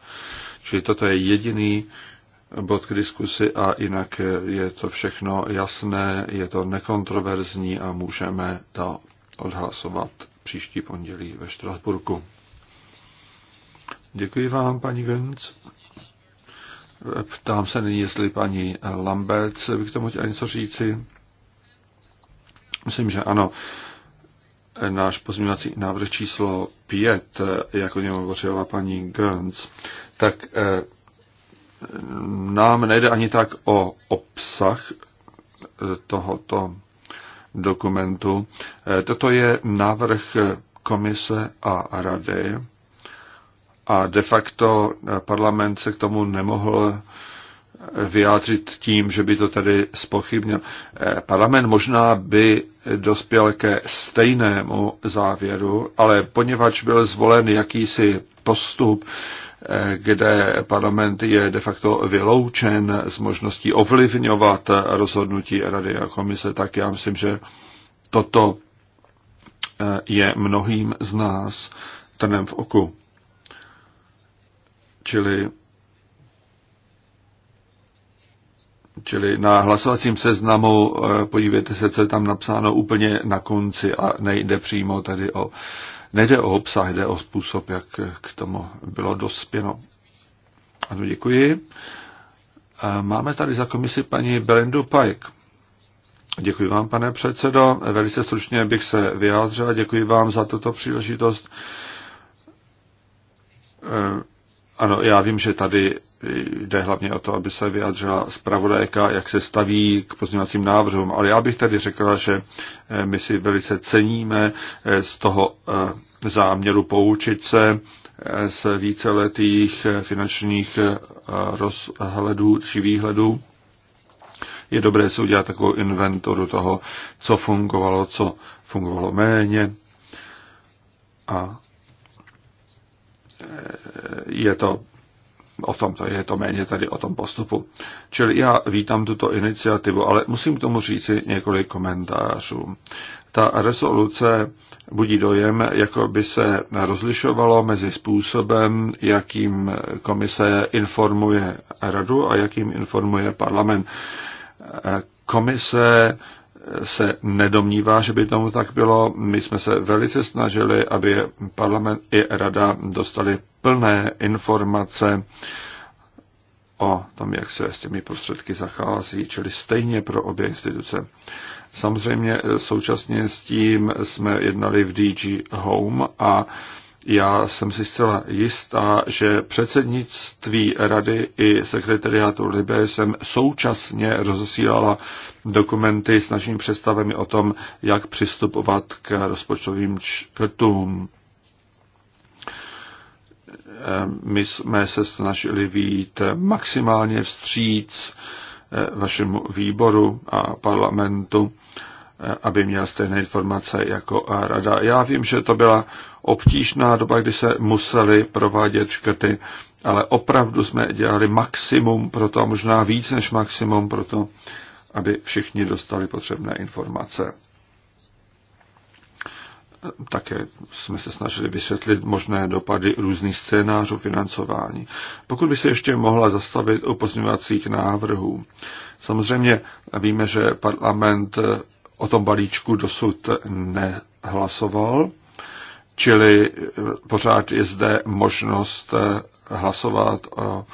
Čili toto je jediný bod k diskusi a jinak je to všechno jasné, je to nekontroverzní a můžeme to odhlasovat příští pondělí ve Štrasburku. Děkuji vám, paní Gönc. Ptám se nyní, jestli paní Lambert by k tomu chtěla něco říci. Myslím, že ano. Náš pozměňovací návrh číslo 5, jak o něm hovořila paní Gönc, tak eh, nám nejde ani tak o obsah eh, tohoto dokumentu. Eh, toto je návrh komise a rady a de facto eh, parlament se k tomu nemohl vyjádřit tím, že by to tedy spochybnil. Parlament možná by dospěl ke stejnému závěru, ale poněvadž byl zvolen jakýsi postup, kde parlament je de facto vyloučen z možností ovlivňovat rozhodnutí Rady a komise, tak já myslím, že toto eh, je mnohým z nás trnem v oku. Čili, čili na hlasovacím seznamu eh, podívejte se, co je tam napsáno úplně na konci a nejde přímo tedy o nejde o obsah, jde o způsob, jak k tomu bylo dospěno. Ano, děkuji. Máme tady za komisi paní Belindu Pike. Děkuji vám, pane předsedo. Velice stručně bych se vyjádřil. Děkuji vám za tuto příležitost ano, já vím, že tady jde hlavně o to, aby se vyjádřila zpravodajka, jak se staví k pozměňovacím návrhům, ale já bych tady řekla, že eh, my si velice ceníme eh, z toho eh, záměru poučit se z víceletých finančních rozhledů či výhledů. Je dobré si udělat takovou inventuru toho, co fungovalo, co fungovalo méně a je to o tom, to je to méně tady o tom postupu. Čili já vítám tuto iniciativu, ale musím k tomu říci několik komentářů. Ta rezoluce budí dojem, jako by se rozlišovalo mezi způsobem, jakým komise informuje radu a jakým informuje parlament. Komise se nedomnívá, že by tomu tak bylo. My jsme se velice snažili, aby parlament i rada dostali plné informace o tom, jak se s těmi prostředky zachází, čili stejně pro obě instituce. Samozřejmě současně s tím jsme jednali v DG Home a já jsem si zcela jistá, že předsednictví rady i sekretariátu Libé jsem současně rozesílala dokumenty s našimi představami o tom, jak přistupovat k rozpočtovým čtům. My jsme se snažili výjít maximálně vstříc eh, vašemu výboru a parlamentu, eh, aby měl stejné informace jako rada. Já vím, že to byla obtížná doba, kdy se museli provádět škrty, ale opravdu jsme dělali maximum pro to, a možná víc než maximum pro to, aby všichni dostali potřebné informace. Také jsme se snažili vysvětlit možné dopady různých scénářů financování. Pokud by se ještě mohla zastavit u pozměňovacích návrhů. Samozřejmě víme, že parlament o tom balíčku dosud nehlasoval, Čili eh, pořád je zde možnost eh, hlasovat o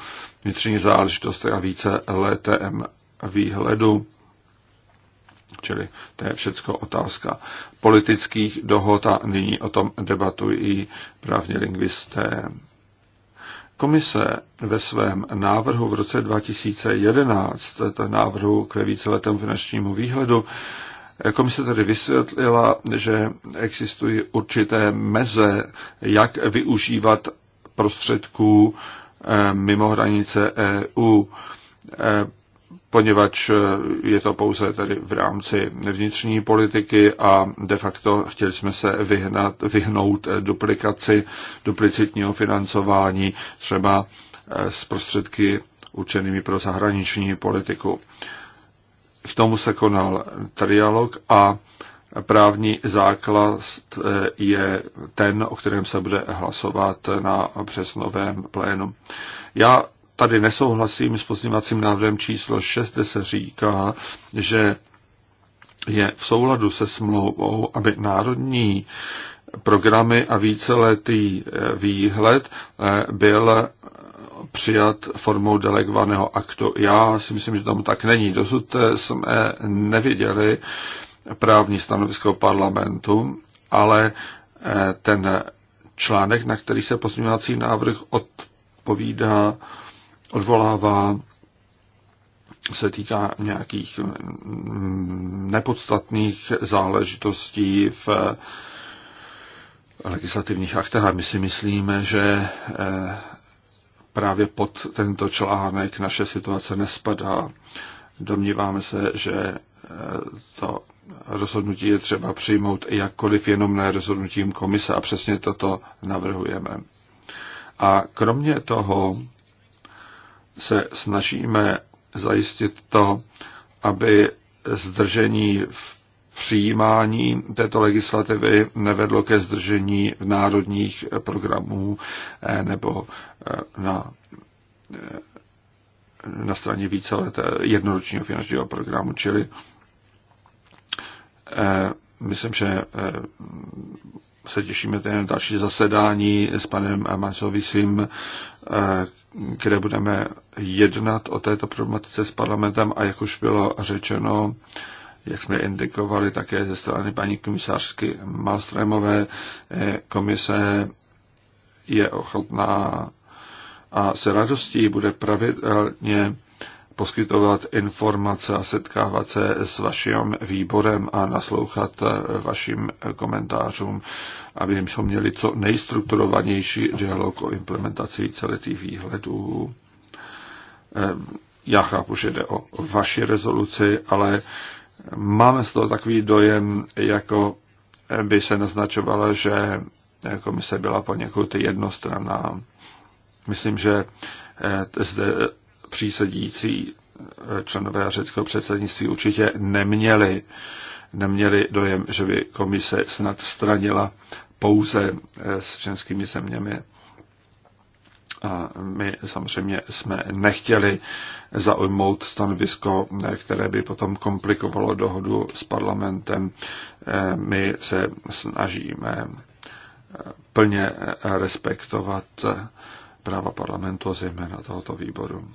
vnitřní záležitosti a více LTM výhledu. Čili to je všechno otázka politických dohod a nyní o tom debatují právně lingvisté. Komise ve svém návrhu v roce 2011, to návrhu k víceletém finančnímu výhledu, Komise tady vysvětlila, že existují určité meze, jak využívat prostředků eh, mimo hranice EU, eh, poněvadž eh, je to pouze tady v rámci vnitřní politiky a de facto chtěli jsme se vyhnat, vyhnout duplikaci, duplicitního financování třeba s prostředky určenými pro zahraniční politiku. K tomu se konal trialog a právní základ eh, je ten, o kterém se bude hlasovat na přesnovém plénu. Já tady nesouhlasím s pozněvacím návrhem číslo 6, kde se říká, že je v souladu se smlouvou, aby národní programy a víceletý eh, výhled eh, byl eh, přijat formou delegovaného aktu. Já si myslím, že tam tak není. Dosud jsme neviděli právní stanovisko parlamentu, ale ten článek, na který se pozměňovací návrh odpovídá, odvolává, se týká nějakých mm, nepodstatných záležitostí v legislativních aktech a my si myslíme, že eh, právě pod tento článek naše situace nespadá. Domníváme se, že eh, to rozhodnutí je třeba přijmout jakkoliv jenom ne rozhodnutím komise a přesně toto navrhujeme. A kromě toho se snažíme zajistit to, aby zdržení v přijímání této legislativy nevedlo ke zdržení v národních programů eh, nebo eh, na, eh, na straně víceleté jednoročního finančního programu, čili myslím, že se těšíme na další zasedání s panem Mansovisím, kde budeme jednat o této problematice s parlamentem a jak už bylo řečeno, jak jsme indikovali také ze strany paní komisařky Malstremové, eh, komise je ochotná a se radostí bude pravidelně poskytovat informace a setkávat se s vaším výborem a naslouchat eh, vašim komentářům, aby jsme měli co nejstrukturovanější dialog o implementaci celých výhledů. Eh, já chápu, že jde o vaši rezoluci, ale Máme z toho takový dojem, jako by se naznačovalo, že komise byla poněkud jednostranná. Myslím, že eh, zde přísedící eh, členové řeckého předsednictví určitě neměli, neměli dojem, že by komise snad stranila pouze eh, s členskými zeměmi. A my samozřejmě jsme nechtěli zaujmout stanovisko, které by potom komplikovalo dohodu s parlamentem. Eh, my se snažíme eh, plně respektovat eh, práva parlamentu a zejména tohoto výboru.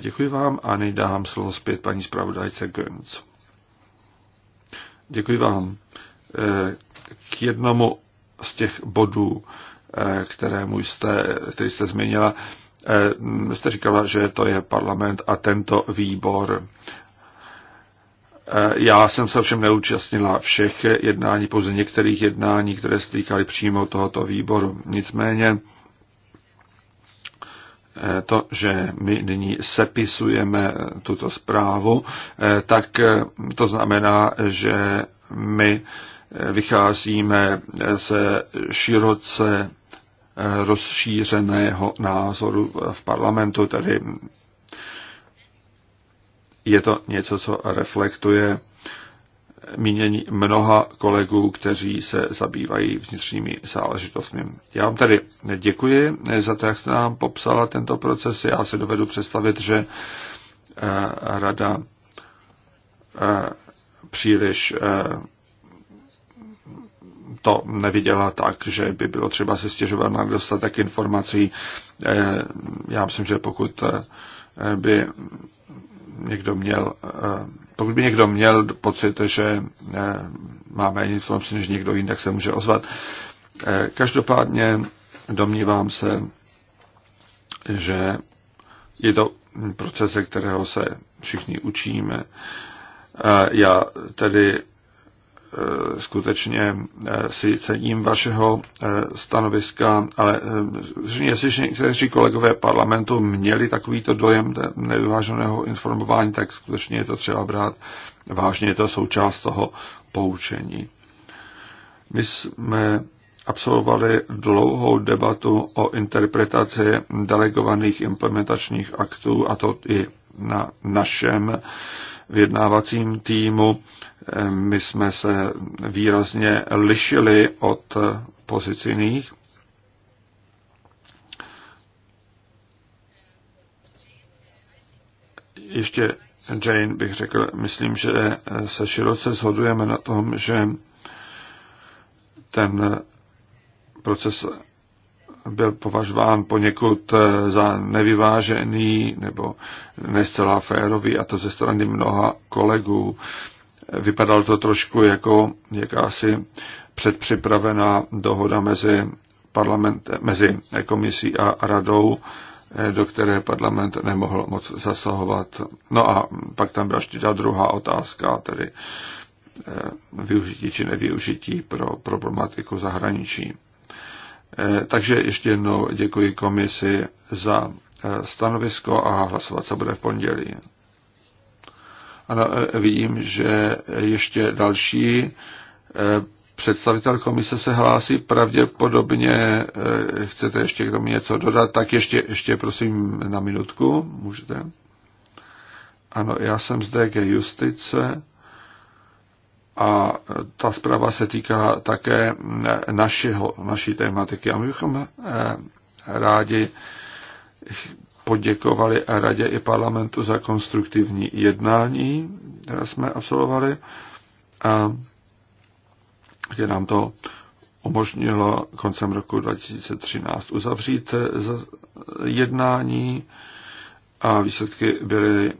Děkuji vám a nyní dávám slovo zpět paní zpravodajce Gönc. Děkuji vám. K jednomu z těch bodů Eh, kterému jste, který jste změnila. Eh, jste říkala, že to je parlament a tento výbor. Eh, já jsem se všem neúčastnila všech jednání, pouze některých jednání, které se týkaly přímo tohoto výboru. Nicméně to, že my nyní sepisujeme tuto zprávu, tak to znamená, že my vycházíme se široce rozšířeného názoru v parlamentu, tedy je to něco, co reflektuje mínění mnoha kolegů, kteří se zabývají vnitřními záležitostmi. Já vám tedy děkuji za to, jak jste nám popsala tento proces. Já se dovedu představit, že eh, rada eh, příliš eh, to neviděla tak, že by bylo třeba se stěžovat na dostatek informací. Eh, já myslím, že pokud eh, by někdo měl, eh, pokud by někdo měl pocit, že má méně informací než někdo jiný, tak se může ozvat. Každopádně domnívám se, že je to proces, ze kterého se všichni učíme. Já tedy Eh, skutečně eh, si cením vašeho eh, stanoviska, ale jestli někteří kolegové parlamentu měli takovýto dojem nevyváženého informování, tak skutečně je to třeba brát vážně, je to součást toho poučení. My jsme absolvovali dlouhou debatu o interpretaci delegovaných implementačních aktů, a to i na našem vyjednávacím týmu. Eh, my jsme se výrazně lišili od pozic jiných. Ještě Jane bych řekl, myslím, že se široce shodujeme na tom, že ten proces byl považován poněkud eh, za nevyvážený nebo nestelá férový a to ze strany mnoha kolegů. Vypadalo to trošku jako jakási předpřipravená dohoda mezi, parlament, mezi komisí a radou, eh, do které parlament nemohl moc zasahovat. No a pak tam byla ještě ta druhá otázka, tedy eh, využití či nevyužití pro problematiku zahraničí. Eh, takže ještě jednou děkuji komisi za eh, stanovisko a hlasovat se bude v pondělí. Ano, eh, vidím, že ještě další představitel komise se hlásí. Pravděpodobně chcete ještě k tomu něco dodat, tak ještě, ještě prosím na minutku, můžete. Ano, já jsem zde ke Justice a ta zpráva se týká také našeho, naší tématiky. A my bychom eh, rádi poděkovali radě i parlamentu za konstruktivní jednání, které jsme absolvovali a kde nám to umožnilo koncem roku 2013 uzavřít eh, jednání a výsledky byly eh,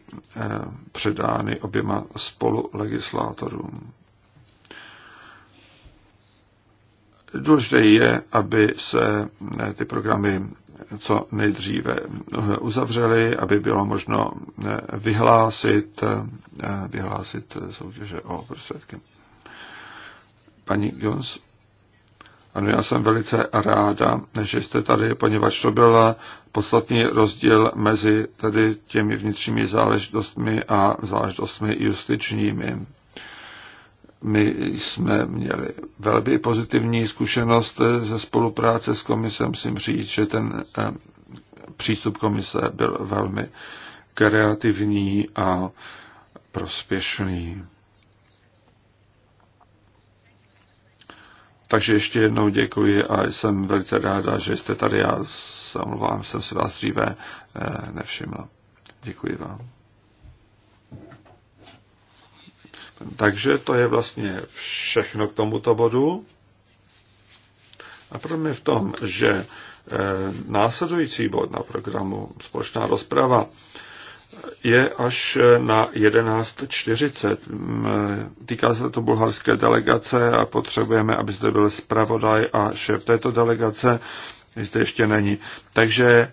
předány oběma spolulegislátorům. Důležité je, aby se eh, ty programy co nejdříve eh, uzavřely, aby bylo možno eh, vyhlásit, vyhlásit soutěže o prostředky. Paní Jones? Ano, já jsem velice ráda, že jste tady, poněvadž to byl podstatný rozdíl mezi tedy těmi vnitřními záležitostmi a záležitostmi justičními. My jsme měli velmi pozitivní zkušenost ze spolupráce s komisem. Musím říct, že ten eh, přístup komise byl velmi kreativní a prospěšný. Takže ještě jednou děkuji a jsem velice ráda, že jste tady. Já se omlouvám, jsem si vás dříve eh, nevšiml. Děkuji vám. Takže to je vlastně všechno k tomuto bodu. A problém je v tom, že eh, následující bod na programu Společná rozprava eh, je až eh, na 11.40. Mm, týká se to bulharské delegace a potřebujeme, aby zde byl zpravodaj a šéf této delegace. Zde ještě není. Takže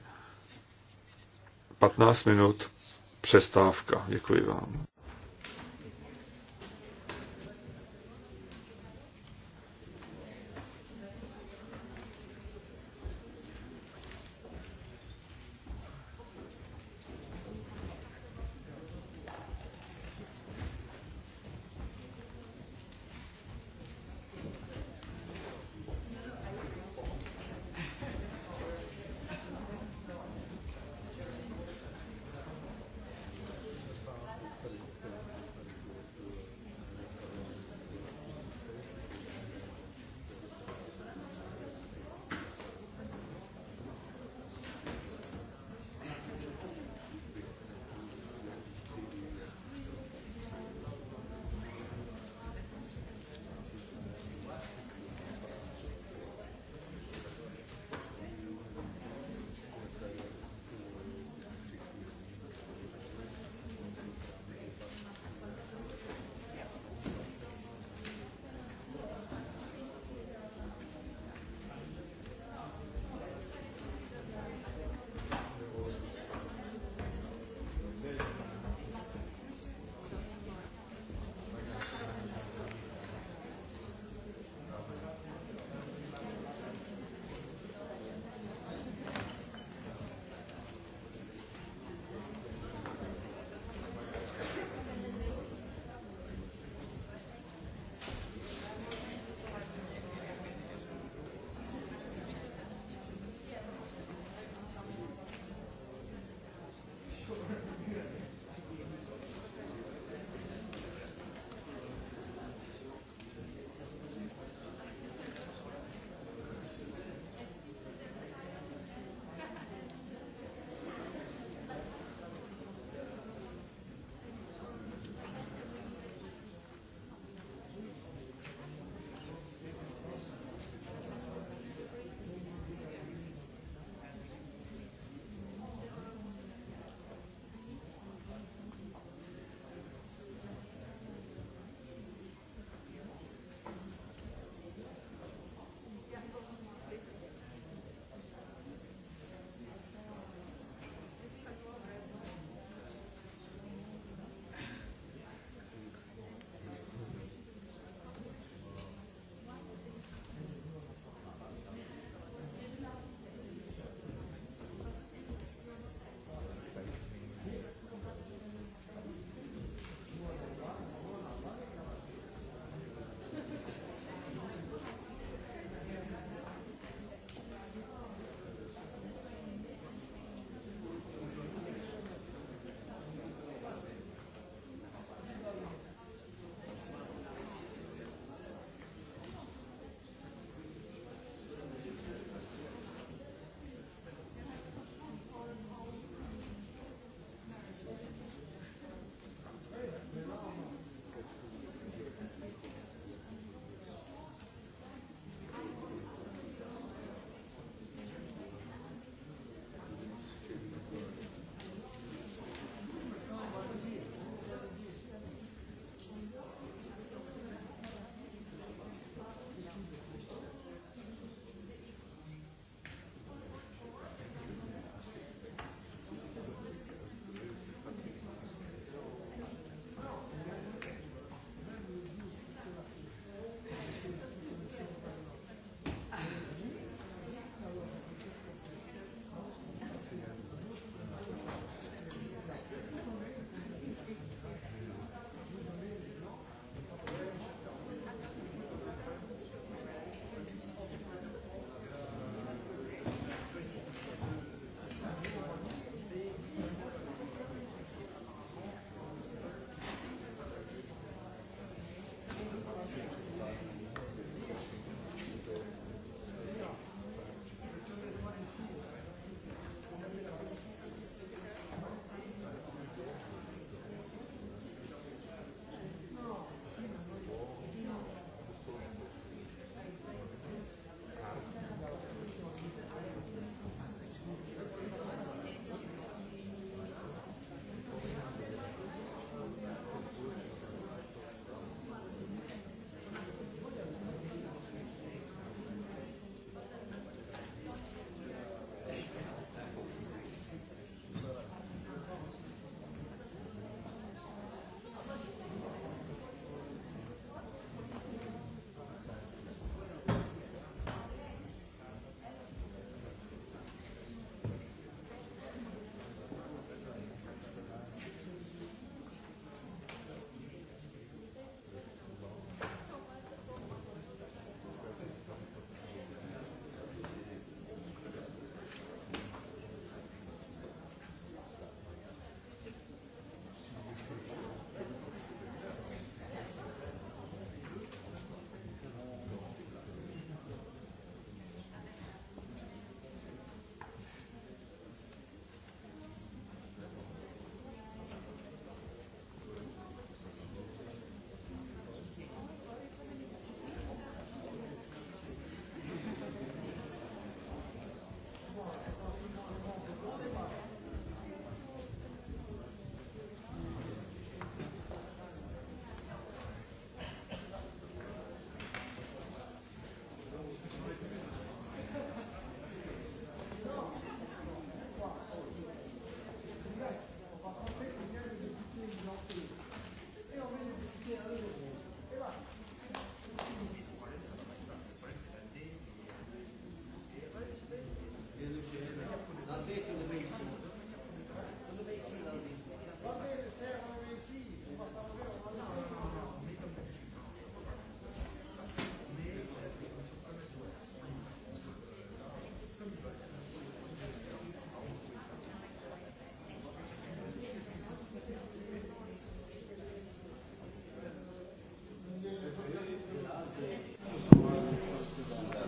15 minut přestávka. Děkuji vám.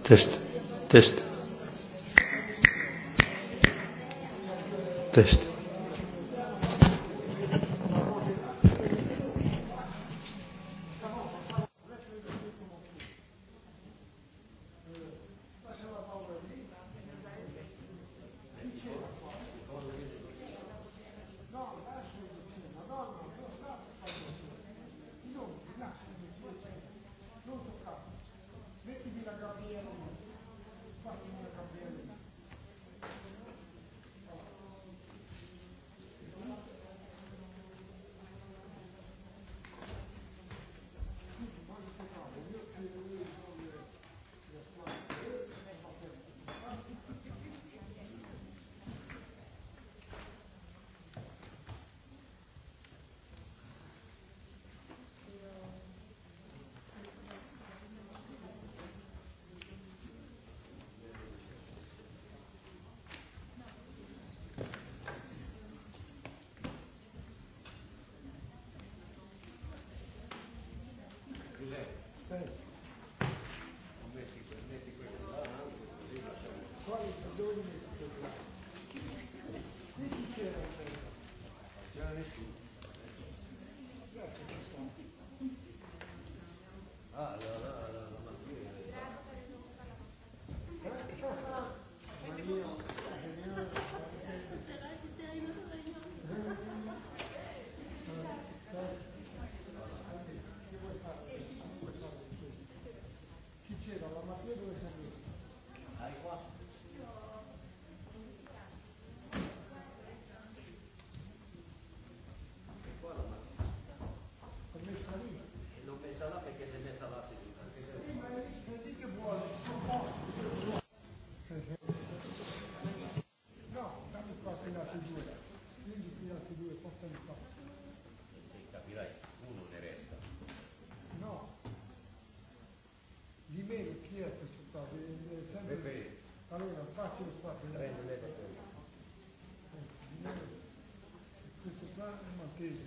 Test. Test. Test. Please.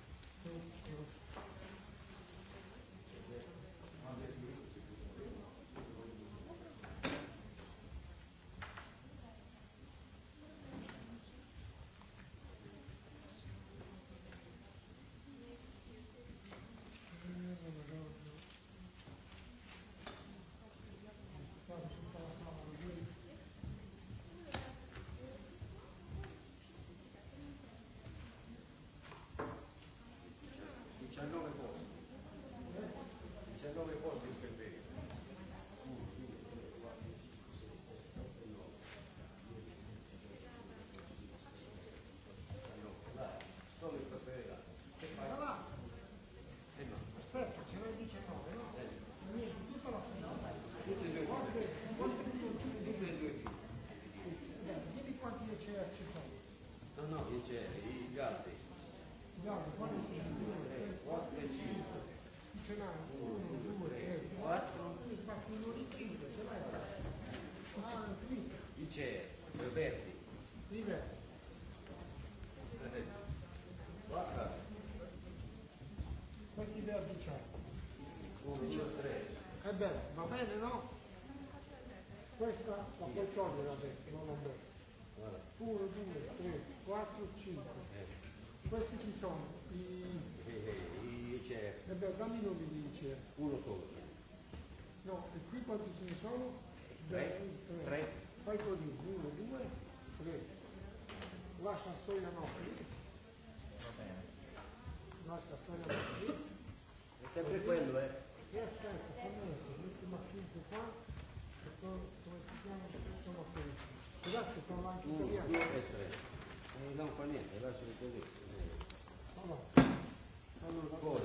bene, no? Questa la puoi togliere adesso, non la metto. 1, 2, 3, 4, 5. Questi chi sono? I ICF. Ebbene, dammi i nomi di ICF. Uno solo. No, e qui quanti ce ne sono? 3. 3. Fai così, 1, 2, 3. Lascia la storia nostra. No, no, no,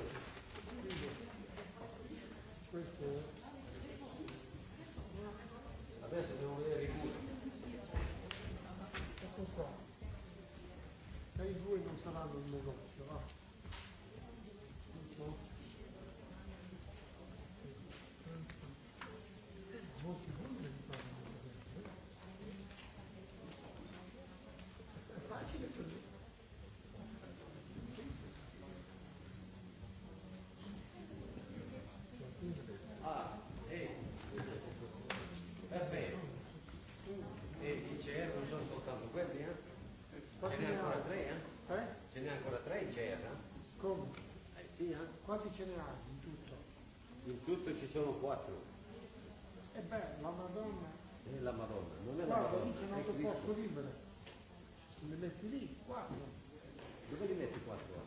generale, in tutto. In tutto ci sono quattro. E beh, la Madonna. È eh, la Madonna, non è Guarda, la Madonna. Guarda, lì c'è un altro posto libero. Le metti lì, quattro. Dove li metti quattro?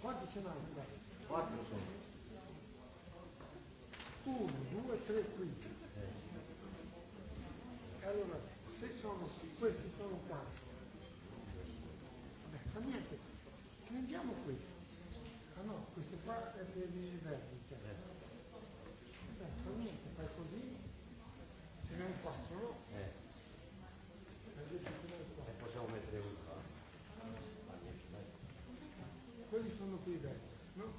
Quanti ce n'hai? Quattro sono. Uno, due, tre, quinto. Eh. E allora, se sono, questi sono quattro. Vabbè, fa niente. Prendiamo questo. Questo qua è per il vertice. Eh. Fa niente, fai così, ce n'è un quattro, no? Eh. E possiamo mettere uno, eh? Quelli sono qui dentro, no?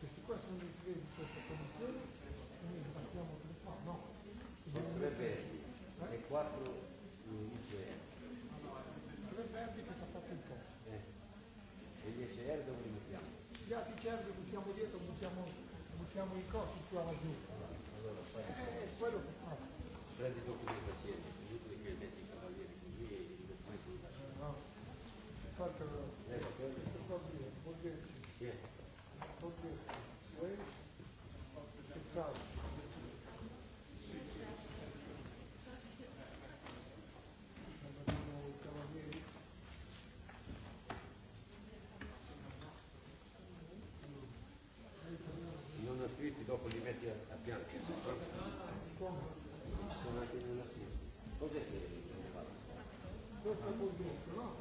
Questi qua sono i tre di questa commissione, noi partiamo da qua, no? Sono tre verdi eh? e quattro impianti cervi buttiamo dietro, buttiamo, buttiamo i costi qua laggiù. Allora, eh, quello che fa. Prendi i documenti assieme, inutile che metti i cavalieri così e i documenti di lasci. No, porca la... Eh, va bene. Vuol dire, vuol dire. Sì. Vuol dire. Pensavo. dopo li metti a, a piano sono anche cos'è che ne passa? questo è un no?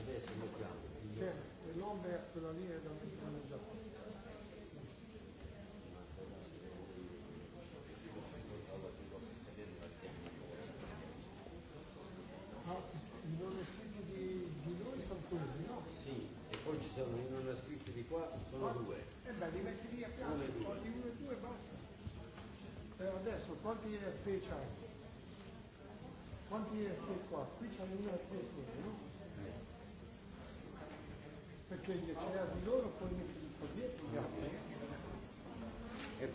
adesso lo chiamo l'ombre quella lì da mettere qua sono due. Eh beh, li metti lì a fianco, porti uno e due e basta. Però eh, adesso quanti EFT c'hai? Quanti EFT qua? Qui c'è uno EFT solo, no? Perché gli accelerà di loro poi metti qua dietro gli altri.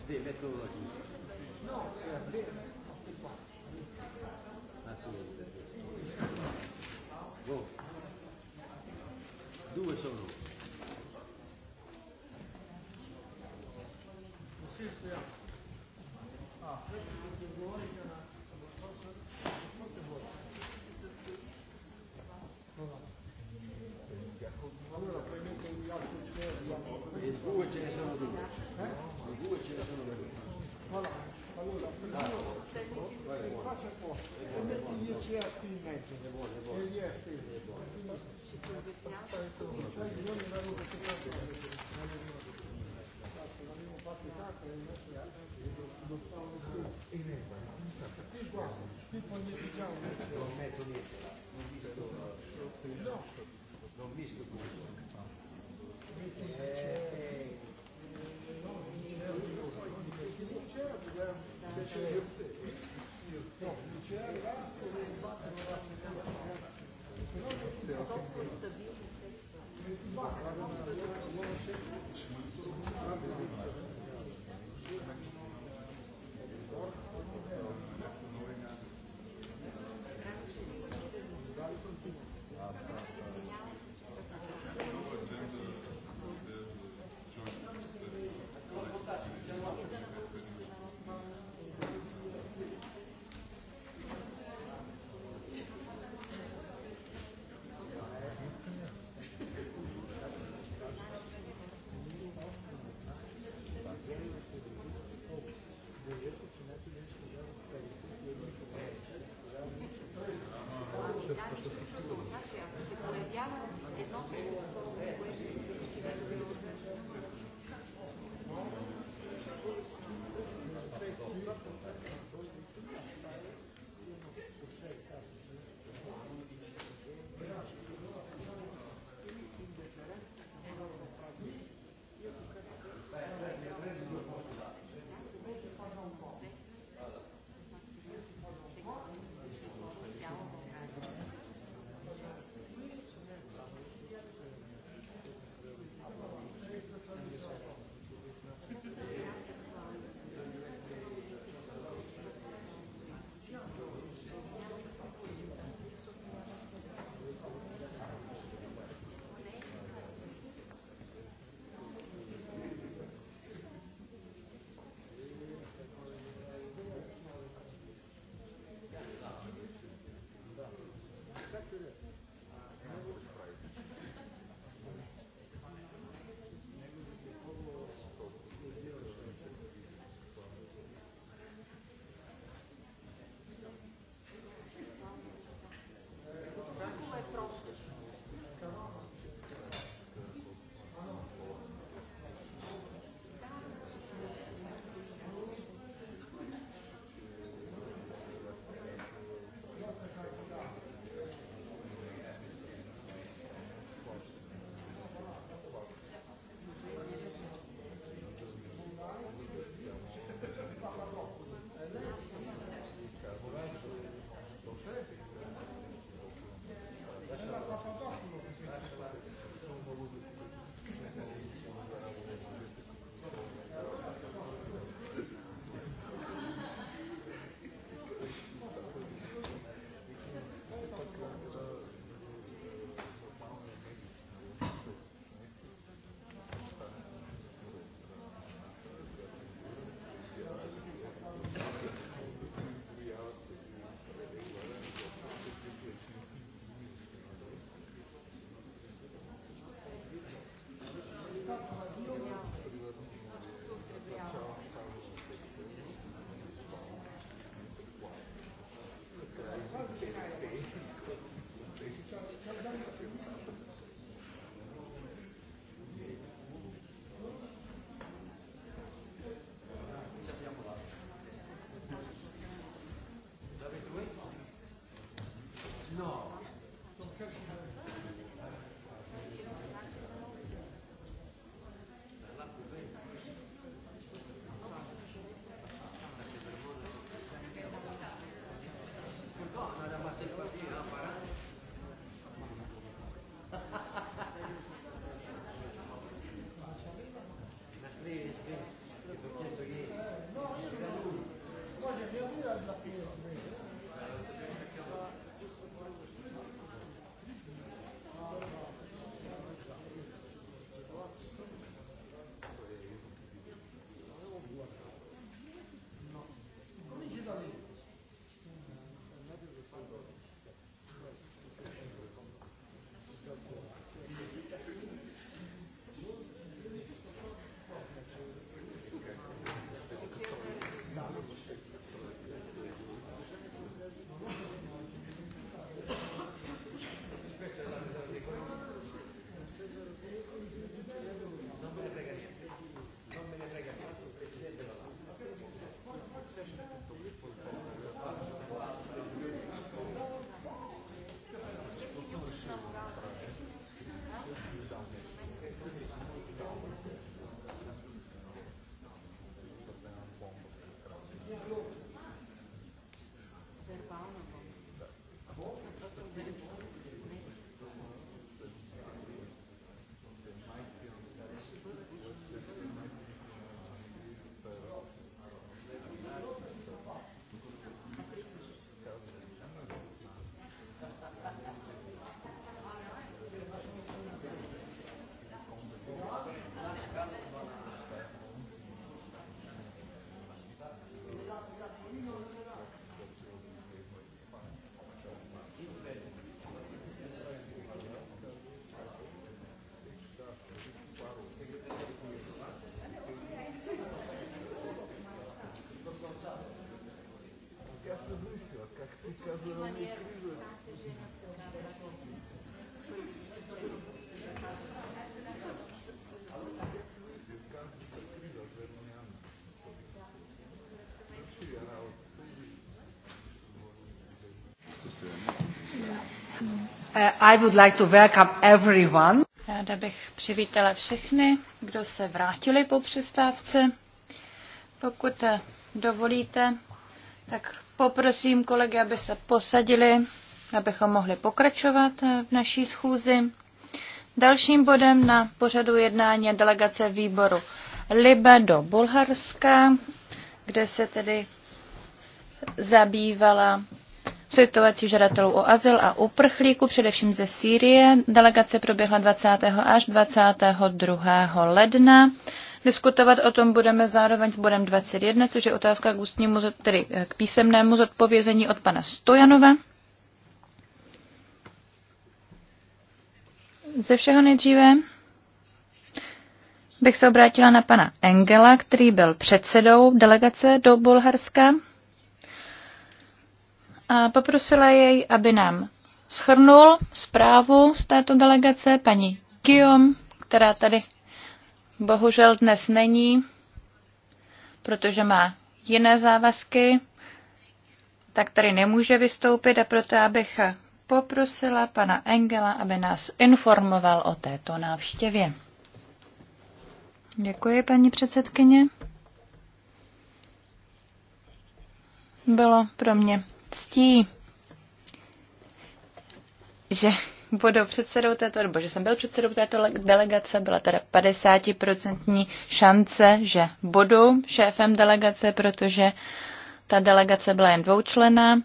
te metto uno qui. No, c'è a te. qua. Ah, due sono. riguardo, tipo andiamo Non metto niente là, non visto, no. non visto questo. Eh, no, non c'era, perché c'era Uh, I would like to welcome everyone. Ráda bych přivítala všechny, kdo se vrátili po přestávce. Pokud eh, dovolíte, tak poprosím kolegy, aby se posadili, abychom mohli pokračovat v naší schůzi. Dalším bodem na pořadu jednání je delegace výboru Libe do Bulharska, kde se tedy zabývala situací žadatelů o azyl a uprchlíků, především ze Sýrie. Delegace proběhla 20. až 22. ledna Diskutovat o tom budeme zároveň s bodem 21, což je otázka k, ústnímu, tedy eh, k písemnému zodpovězení od pana Stojanova. Ze všeho nejdříve bych se obrátila na pana Engela, který byl předsedou delegace do Bulharska. A poprosila jej, aby nám schrnul zprávu z této delegace paní Kium, která tady bohužel dnes není, protože má jiné závazky, tak tady nemůže vystoupit a proto abych poprosila pana Engela, aby nás informoval o této návštěvě. Děkuji, paní předsedkyně. Bylo pro mě ctí, že budu předsedou této, nebo že jsem byl předsedou této delegace, byla teda 50% šance, že budu šéfem delegace, protože ta delegace byla jen dvoučlená.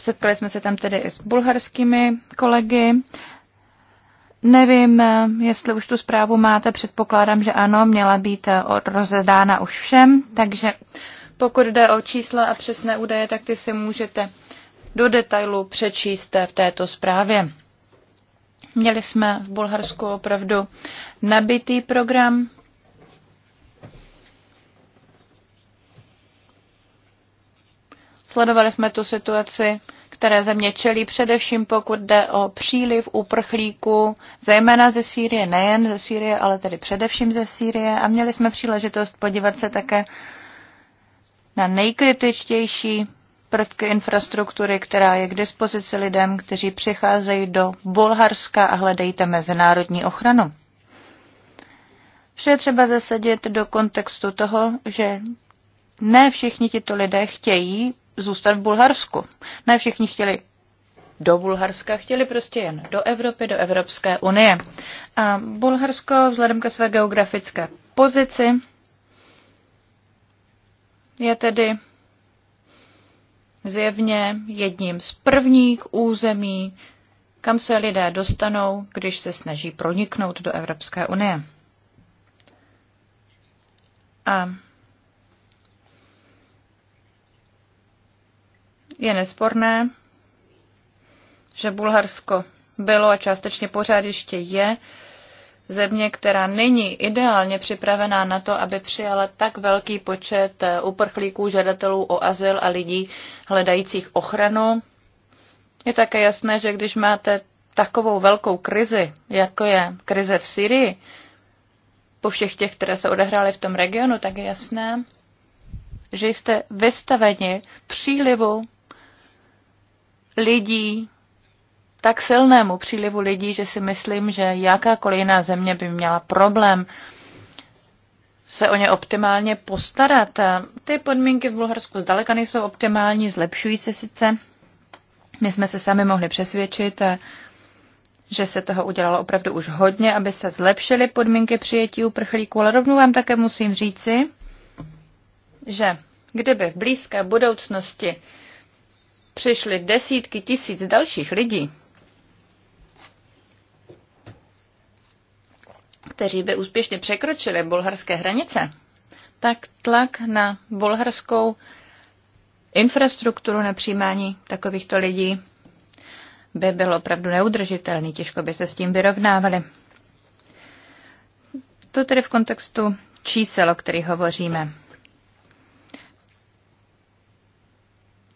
Setkali jsme se tam tedy i s bulharskými kolegy. Nevím, jestli už tu zprávu máte, předpokládám, že ano, měla být rozdána už všem, takže pokud jde o čísla a přesné údaje, tak ty si můžete do detailu přečíst v této zprávě. Měli jsme v Bulharsku opravdu nabitý program. Sledovali jsme tu situaci, které země čelí především pokud jde o příliv uprchlíků, zejména ze Sýrie, nejen ze Sýrie, ale tedy především ze Sýrie. A měli jsme příležitost podívat se také na nejkritičtější prvky infrastruktury, která je k dispozici lidem, kteří přicházejí do Bulharska a hledají mezinárodní ochranu. Vše je třeba zasadit do kontextu toho, že ne všichni tito lidé chtějí zůstat v Bulharsku. Ne všichni chtěli do Bulharska, chtěli prostě jen do Evropy, do Evropské unie. A Bulharsko vzhledem ke své geografické pozici je tedy zjevně jedním z prvních území, kam se lidé dostanou, když se snaží proniknout do Evropské unie. A je nesporné, že Bulharsko bylo a částečně pořád ještě je země, která není ideálně připravená na to, aby přijala tak velký počet eh, uprchlíků, žadatelů o azyl a lidí hledajících ochranu. Je také jasné, že když máte takovou velkou krizi, jako je krize v Syrii, po všech těch, které se odehrály v tom regionu, tak je jasné, že jste vystaveni přílivu lidí tak silnému přílivu lidí, že si myslím, že jakákoliv jiná země by měla problém se o ně optimálně postarat. Ty podmínky v Bulharsku zdaleka nejsou optimální, zlepšují se sice. My jsme se sami mohli přesvědčit, že se toho udělalo opravdu už hodně, aby se zlepšily podmínky přijetí uprchlíků, ale rovnou vám také musím říci, že kdyby v blízké budoucnosti přišly desítky tisíc dalších lidí, kteří by úspěšně překročili bulharské hranice, tak tlak na bulharskou infrastrukturu na přijímání takovýchto lidí by byl opravdu neudržitelný, těžko by se s tím vyrovnávali. To tedy v kontextu čísel, o kterých hovoříme.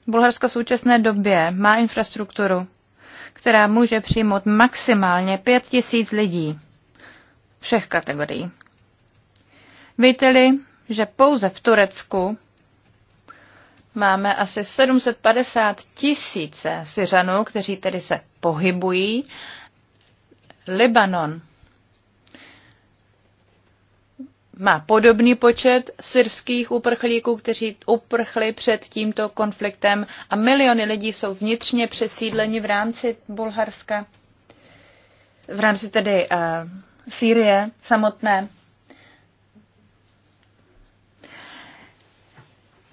Bulharsko v současné době má infrastrukturu, která může přijmout maximálně 5 tisíc lidí všech kategorií. Víte-li, že pouze v Turecku máme asi 750 tisíc Syřanů, kteří tedy se pohybují. Libanon má podobný počet syrských uprchlíků, kteří uprchli před tímto konfliktem a miliony lidí jsou vnitřně přesídleni v rámci Bulharska, v rámci tedy uh, Sýrie samotné.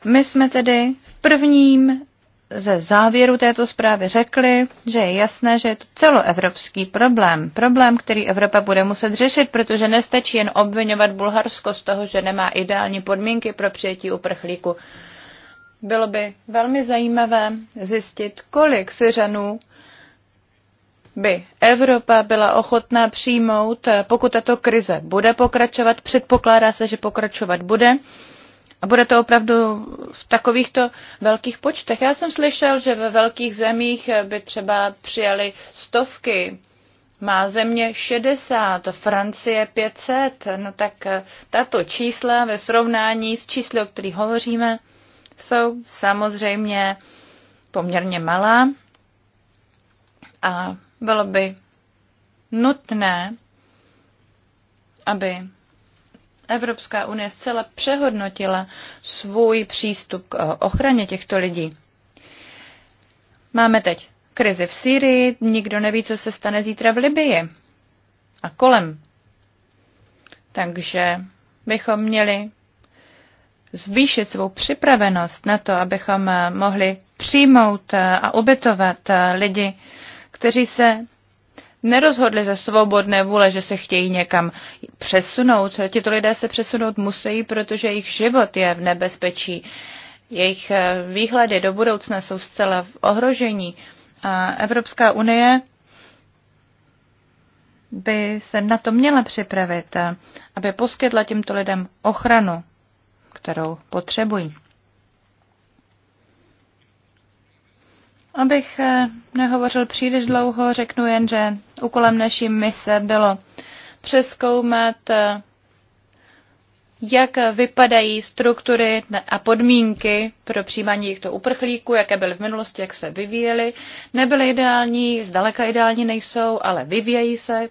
My jsme tedy v prvním ze závěru této zprávy řekli, že je jasné, že je to celoevropský problém. Problém, který Evropa bude muset řešit, protože nestačí jen obvinovat Bulharsko z toho, že nemá ideální podmínky pro přijetí uprchlíku. Bylo by velmi zajímavé zjistit, kolik Syřanů by Evropa byla ochotná přijmout, eh, pokud tato krize bude pokračovat, předpokládá se, že pokračovat bude, a bude to opravdu v takovýchto velkých počtech. Já jsem slyšel, že ve velkých zemích eh, by třeba přijali stovky, má země 60, Francie 500. No tak eh, tato čísla ve srovnání s čísly, o kterých hovoříme, jsou samozřejmě poměrně malá. A bylo by nutné, aby Evropská unie zcela přehodnotila svůj přístup k ochraně těchto lidí. Máme teď krizi v Sýrii, nikdo neví, co se stane zítra v Libii a kolem. Takže bychom měli zvýšit svou připravenost na to, abychom mohli přijmout a ubytovat lidi kteří se nerozhodli ze svobodné vůle, že se chtějí někam přesunout. Tito lidé se přesunout musí, protože jejich život je v nebezpečí. Jejich eh, výhledy do budoucna jsou zcela v ohrožení. A Evropská unie by se na to měla připravit, eh, aby poskytla těmto lidem ochranu, kterou potřebují. Abych eh, nehovořil příliš dlouho, řeknu jen, že úkolem naší mise bylo přeskoumat, eh, jak vypadají struktury a podmínky pro přijímání těchto uprchlíků, jaké byly v minulosti, jak se vyvíjely. Nebyly ideální, zdaleka ideální nejsou, ale vyvíjejí se.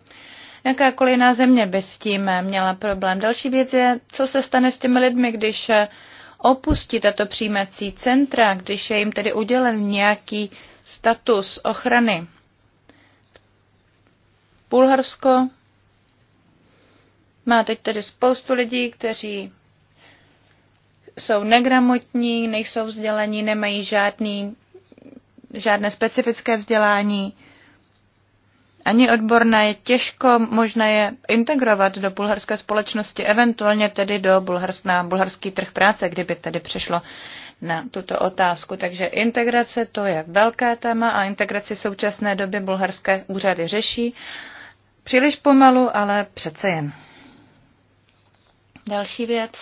Jakákoliv jiná země by s tím měla problém. Další věc je, co se stane s těmi lidmi, když eh, opustí tato přijímací centra, když je jim tedy udělen nějaký status ochrany. Bulharsko má teď tedy spoustu lidí, kteří jsou negramotní, nejsou vzdělaní, nemají žádný, žádné specifické vzdělání ani odborné, je těžko možné je integrovat do bulharské společnosti, eventuálně tedy do bulhars, na bulharský trh práce, kdyby tedy přišlo na tuto otázku. Takže integrace to je velké téma a integraci v současné době bulharské úřady řeší. Příliš pomalu, ale přece jen. Další věc.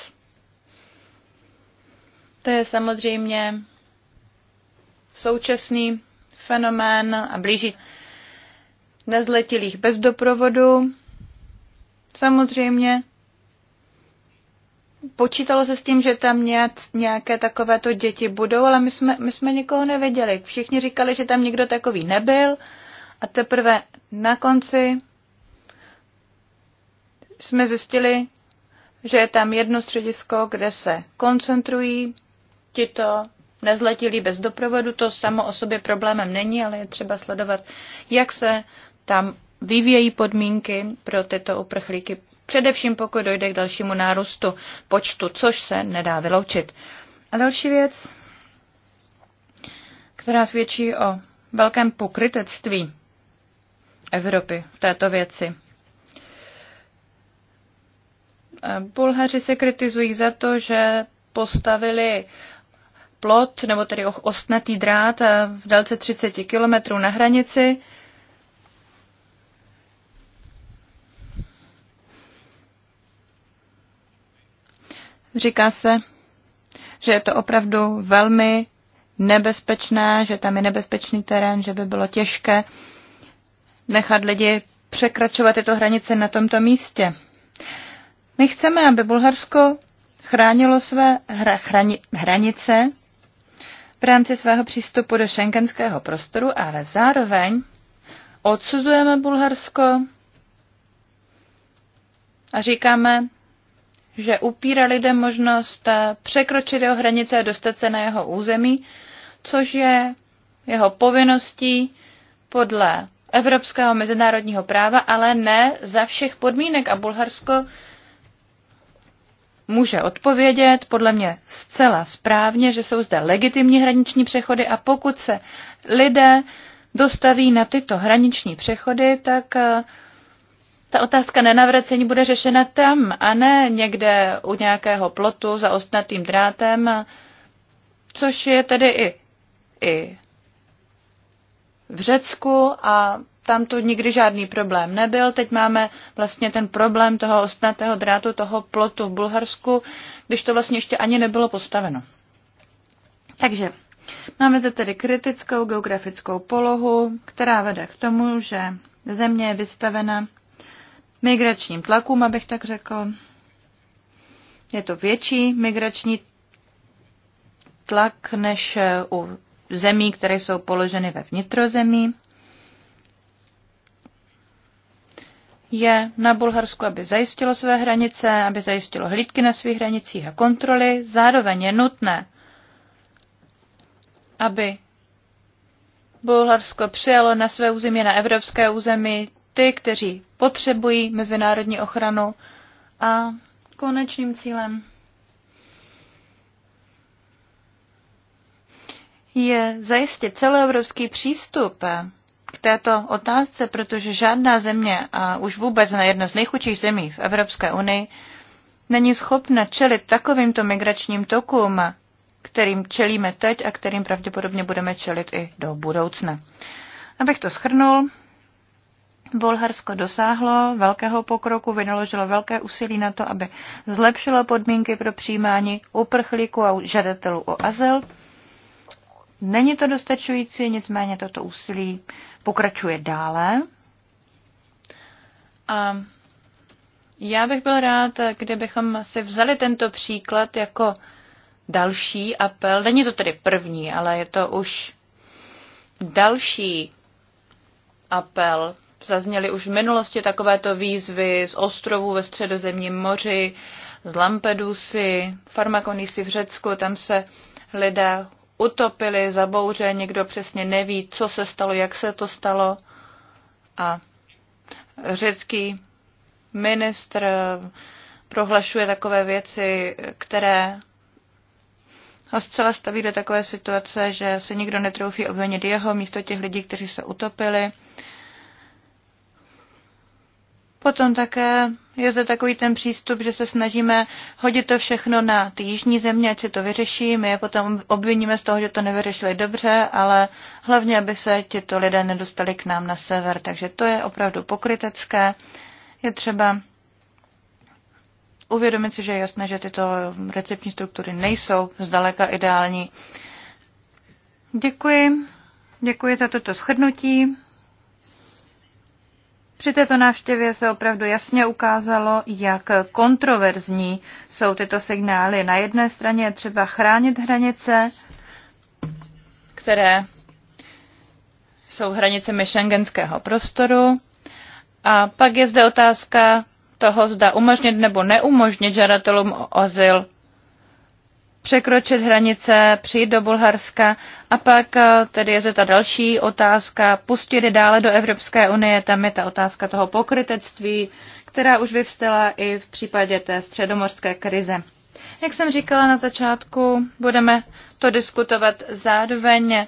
To je samozřejmě současný fenomén a blíží nezletilých bez doprovodu. Samozřejmě počítalo se s tím, že tam nějaké takovéto děti budou, ale my jsme, my jsme nikoho nevěděli. Všichni říkali, že tam nikdo takový nebyl a teprve na konci jsme zjistili, že je tam jedno středisko, kde se koncentrují tito nezletilí bez doprovodu. To samo o sobě problémem není, ale je třeba sledovat, jak se tam vyvíjejí podmínky pro tyto uprchlíky, především pokud dojde k dalšímu nárůstu počtu, což se nedá vyloučit. A další věc, která svědčí o velkém pokrytectví Evropy v této věci. Bulhaři se kritizují za to, že postavili plot, nebo tedy ostnatý drát v délce 30 kilometrů na hranici, Říká se, že je to opravdu velmi nebezpečné, že tam je nebezpečný terén, že by bylo těžké nechat lidi překračovat tyto hranice na tomto místě. My chceme, aby Bulharsko chránilo své hra, hrani, hranice v rámci svého přístupu do šengenského prostoru, ale zároveň odsuzujeme Bulharsko a říkáme, že upírá lidem možnost eh, překročit jeho hranice a dostat se na jeho území, což je jeho povinností podle evropského mezinárodního práva, ale ne za všech podmínek. A Bulharsko může odpovědět podle mě zcela správně, že jsou zde legitimní hraniční přechody a pokud se lidé dostaví na tyto hraniční přechody, tak eh, ta otázka nenavracení bude řešena tam a ne někde u nějakého plotu za ostnatým drátem, což je tedy i, i v Řecku a tam to nikdy žádný problém nebyl. Teď máme vlastně ten problém toho ostnatého drátu, toho plotu v Bulharsku, když to vlastně ještě ani nebylo postaveno. Takže máme zde tedy kritickou geografickou polohu, která vede k tomu, že země je vystavena migračním tlakům, abych tak řekl. Je to větší migrační tlak než u zemí, které jsou položeny ve vnitrozemí. je na Bulharsku, aby zajistilo své hranice, aby zajistilo hlídky na svých hranicích a kontroly. Zároveň je nutné, aby Bulharsko přijalo na své území, na evropské území ty, kteří potřebují mezinárodní ochranu a konečným cílem je zajistit celoevropský přístup k této otázce, protože žádná země, a už vůbec na jedna z nejchudších zemí v Evropské unii, není schopna čelit takovýmto migračním tokům, kterým čelíme teď a kterým pravděpodobně budeme čelit i do budoucna. Abych to schrnul, Bulharsko dosáhlo velkého pokroku, vynaložilo velké úsilí na to, aby zlepšilo podmínky pro přijímání uprchlíků a žadatelů o azyl. Není to dostačující, nicméně toto úsilí pokračuje dále. A já bych byl rád, kdybychom si vzali tento příklad jako další apel. Není to tedy první, ale je to už další apel zazněly už v minulosti takovéto výzvy z ostrovů ve středozemním moři, z Lampedusy, Farmakonisy v Řecku, tam se lidé utopili, zabouře, někdo přesně neví, co se stalo, jak se to stalo. A řecký ministr prohlašuje takové věci, které ho zcela staví do takové situace, že se nikdo netroufí obvinit jeho místo těch lidí, kteří se utopili. Potom také je zde takový ten přístup, že se snažíme hodit to všechno na ty jižní země, ať se to vyřeší. My je potom obviníme z toho, že to nevyřešili dobře, ale hlavně, aby se tito lidé nedostali k nám na sever. Takže to je opravdu pokrytecké. Je třeba uvědomit si, že je jasné, že tyto receptní struktury nejsou zdaleka ideální. Děkuji. Děkuji za toto shrnutí. Při této návštěvě se opravdu jasně ukázalo, jak kontroverzní jsou tyto signály. Na jedné straně je třeba chránit hranice, které jsou hranicemi šengenského prostoru. A pak je zde otázka toho, zda umožnit nebo neumožnit žadatelům o azyl překročit hranice, přijít do Bulharska a pak eh, tedy je ta další otázka, pustit je dále do Evropské unie, tam je ta otázka toho pokrytectví, která už vyvstala i v případě té středomorské krize. Jak jsem říkala na začátku, budeme to diskutovat zároveň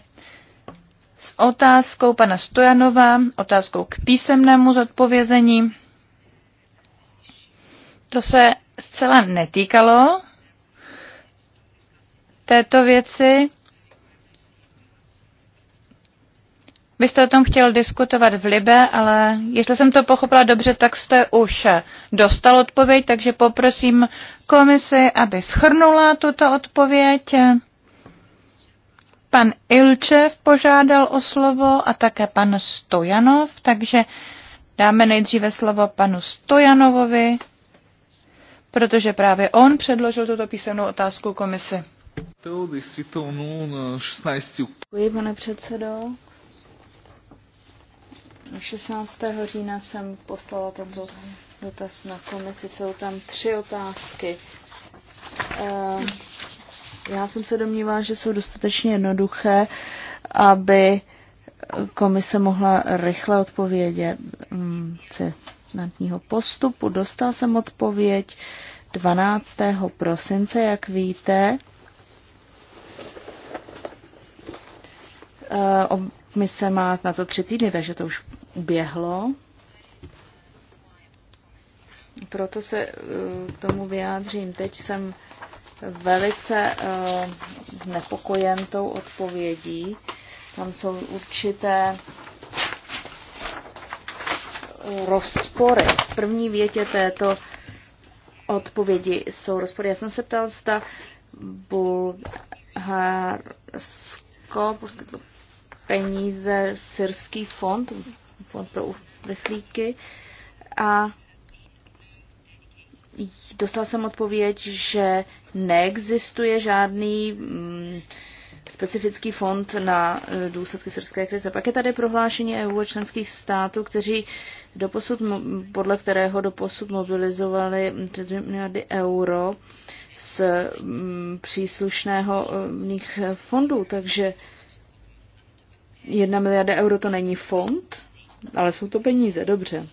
s otázkou pana Stojanova, otázkou k písemnému zodpovězení. To se zcela netýkalo této věci. Vy jste o tom chtěl diskutovat v Libe, ale jestli jsem to pochopila dobře, tak jste už dostal odpověď, takže poprosím komisi, aby schrnula tuto odpověď. Pan Ilčev požádal o slovo a také pan Stojanov, takže dáme nejdříve slovo panu Stojanovovi, protože právě on předložil tuto písemnou otázku komisi. Děkuji, pane předsedo. 16. října jsem poslala tento dotaz na komisi. Jsou tam tři otázky. Ehm, já jsem se domnívala, že jsou dostatečně jednoduché, aby komise mohla rychle odpovědět senátního mm, postupu. Dostal jsem odpověď 12. prosince, jak víte. Eh, komise má na to tři týdny, takže to už uběhlo. Proto se eh, k tomu vyjádřím. Teď jsem velice eh, nepokojen tou odpovědí. Tam jsou určité rozpory. V první větě této odpovědi jsou rozpory. Já jsem se ptal, zda Bulharsko poskytlo peníze Syrský fond, fond pro uprchlíky a dostal jsem odpověď, že neexistuje žádný mm, specifický fond na e, důsledky syrské krize. Pak je tady prohlášení EU a členských států, kteří doposud, podle kterého doposud mobilizovali 3 miliardy euro z mm, příslušného e, fondů. Takže Jedna miliarda euro to není fond, ale jsou to peníze, dobře.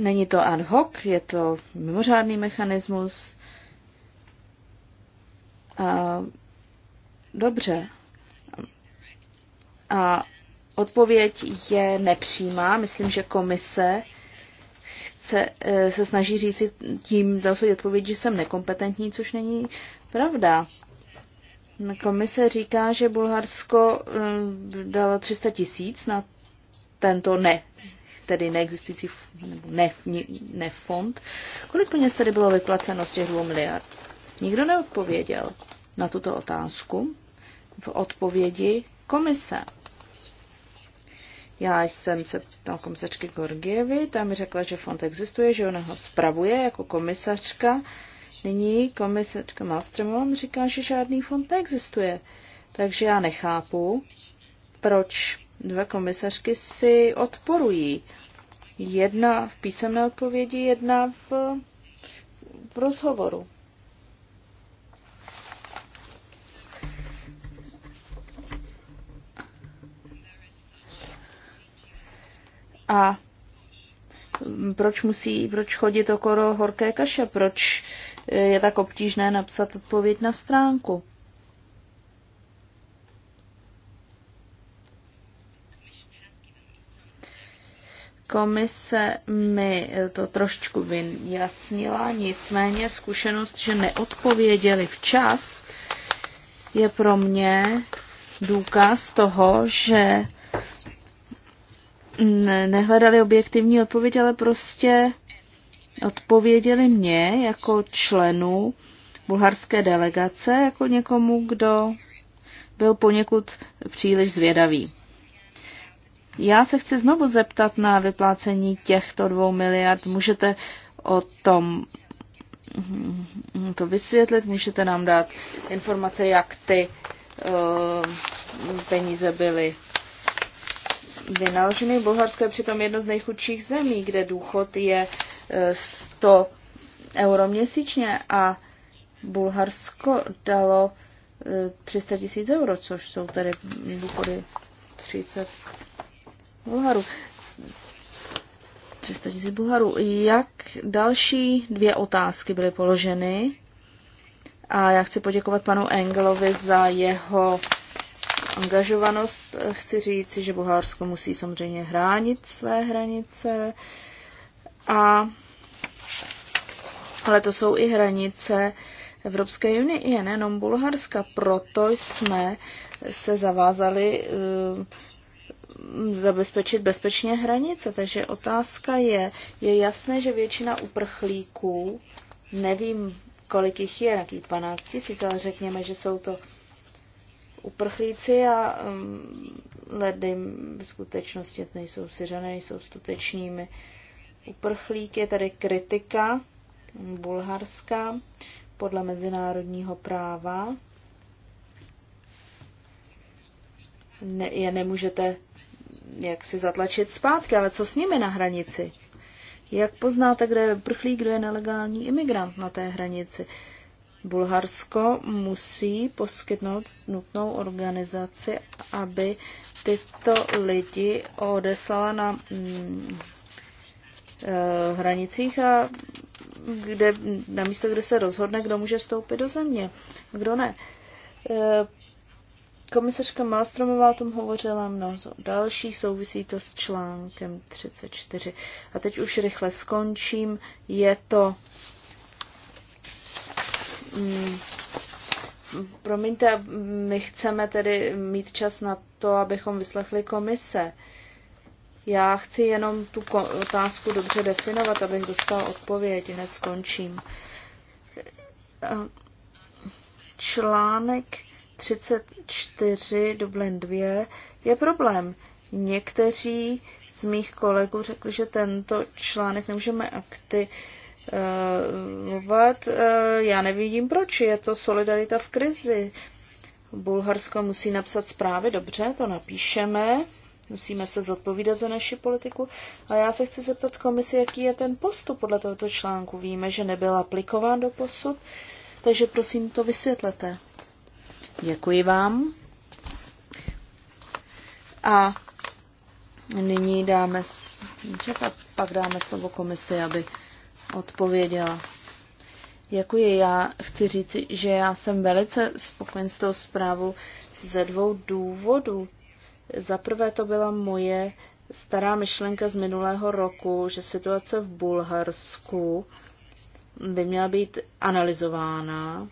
Není to ad hoc, je to mimořádný mechanismus. A, dobře. A odpověď je nepřímá. Myslím, že komise chce, eh, se snaží říci tím, dal odpověď, že jsem nekompetentní, což není pravda. Komise říká, že Bulharsko eh, dalo 300 tisíc na tento ne, tedy neexistující nebo ne, ne fond. Kolik peněz tedy bylo vyplaceno z těch dvou miliard? Nikdo neodpověděl na tuto otázku v odpovědi komise. Já jsem se ptal komisařky Gorgievy, ta mi řekla, že fond existuje, že ona ho spravuje jako komisařka Nyní komisařka Malmström říká, že žádný fond neexistuje. Takže já nechápu, proč dva komisařky si odporují. Jedna v písemné odpovědi, jedna v, v rozhovoru. A proč musí, proč chodit okolo horké kaše, proč je tak obtížné napsat odpověď na stránku. Komise mi to trošku vyjasnila, nicméně zkušenost, že neodpověděli včas, je pro mě důkaz toho, že nehledali objektivní odpověď, ale prostě odpověděli mě jako členu bulharské delegace, jako někomu, kdo byl poněkud příliš zvědavý. Já se chci znovu zeptat na vyplácení těchto dvou miliard. Můžete o tom to vysvětlit, můžete nám dát informace, jak ty uh, peníze byly vynaloženy. Bulharsko je přitom jedno z nejchudších zemí, kde důchod je 100 euro měsíčně a Bulharsko dalo 300 eh, tisíc euro, což jsou tedy důchody 30 Bulharů. 300 tisíc Bulharů. Jak další dvě otázky byly položeny? A já chci poděkovat panu Engelovi za jeho angažovanost. Chci říci, že Bulharsko musí samozřejmě hránit své hranice. A, ale to jsou i hranice Evropské unie, nejenom Bulharska. Proto jsme se zavázali eh, zabezpečit bezpečně hranice. Takže otázka je, je jasné, že většina uprchlíků, nevím, kolik jich je, jakých 12 tisíc, ale řekněme, že jsou to uprchlíci a um, ledy v skutečnosti nejsou syřané, nejsou skutečními Uprchlík je tedy kritika bulharská podle mezinárodního práva. Ne, je nemůžete jak si zatlačit zpátky, ale co s nimi na hranici? Jak poznáte, kde je uprchlík, kdo je nelegální imigrant na té hranici? Bulharsko musí poskytnout nutnou organizaci, aby tyto lidi odeslala na mm, Eh, hranicích a kde, na místo, kde se rozhodne, kdo může vstoupit do země, kdo ne. Eh, komisařka Malstromová o tom hovořila mnoho. Další souvisí to s článkem 34. A teď už rychle skončím. Je to... Mm, promiňte, my chceme tedy mít čas na to, abychom vyslechli komise. Já chci jenom tu otázku dobře definovat, abych dostal odpověď. Hned skončím. Eh, článek 34 Dublin 2 je problém. Někteří z mých kolegů řekli, že tento článek nemůžeme aktivovat. Eh, eh, já nevidím, proč. Je to solidarita v krizi. Bulharsko musí napsat zprávy, dobře, to napíšeme. Musíme se zodpovídat za naši politiku. A já se chci zeptat komisi, jaký je ten postup podle tohoto článku. Víme, že nebyl aplikován do posud, takže prosím to vysvětlete. Děkuji vám. A nyní dáme, a pak dáme slovo komisi, aby odpověděla. Děkuji. Já chci říct, že já jsem velice spokojen s tou zprávou ze dvou důvodů. Zaprvé to byla moje stará myšlenka z minulého roku, že situace v Bulharsku by měla být analyzována,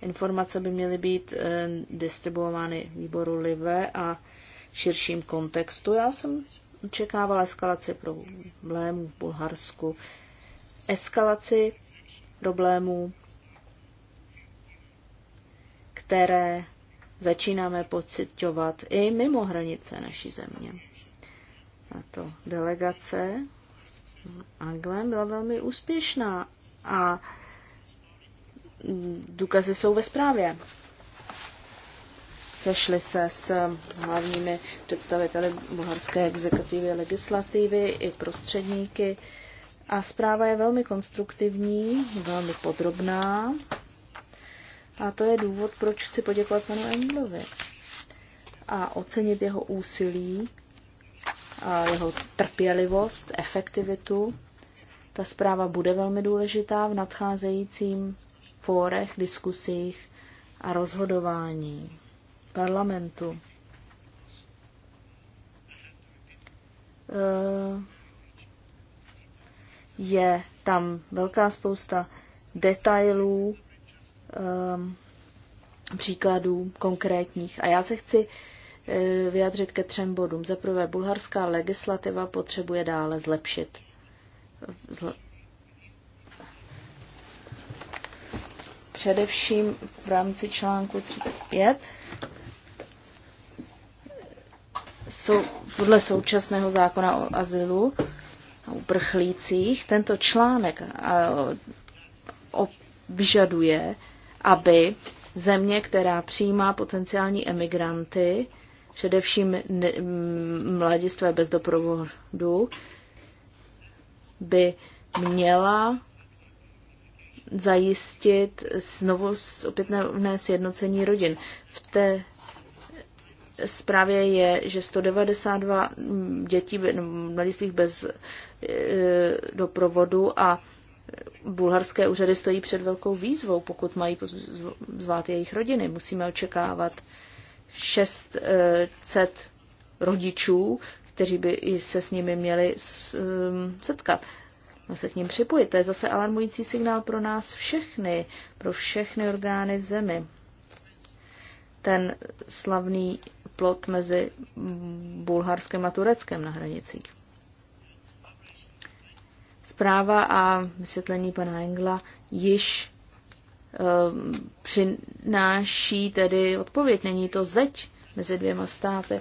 informace by měly být eh, distribuovány výboru LIVE a širším kontextu. Já jsem očekávala eskalaci problémů v Bulharsku, eskalaci problémů, které začínáme pocitovat i mimo hranice naší země. A to delegace s Anglem byla velmi úspěšná a důkazy jsou ve zprávě. Sešli se s hlavními představiteli bulharské exekutivy, legislativy i prostředníky. A zpráva je velmi konstruktivní, velmi podrobná, a to je důvod, proč chci poděkovat panu Englovi a ocenit jeho úsilí, a jeho trpělivost, efektivitu. Ta zpráva bude velmi důležitá v nadcházejícím fórech, diskusích a rozhodování parlamentu. Eh, je tam velká spousta detailů, um, příkladů konkrétních. A já se chci uh, vyjádřit ke třem bodům. Za prvé, bulharská legislativa potřebuje dále zlepšit. Zle... Především v rámci článku 35 jsou, podle současného zákona o azylu a uprchlících tento článek a, vyžaduje aby země, která přijímá potenciální emigranty, především mladistvé bez doprovodu, by měla zajistit znovu opětné sjednocení rodin. V té zprávě je, že 192 dětí mladistvých bez e, doprovodu a bulharské úřady stojí před velkou výzvou, pokud mají zvát jejich rodiny. Musíme očekávat 600 rodičů, kteří by se s nimi měli um, setkat a se k ním připojit. To je zase alarmující signál pro nás všechny, pro všechny orgány v zemi. Ten slavný plot mezi Bulharskem a Tureckem na hranicích. Zpráva a vysvětlení pana Engla již eh, přináší tedy odpověď. Není to zeď mezi dvěma státy.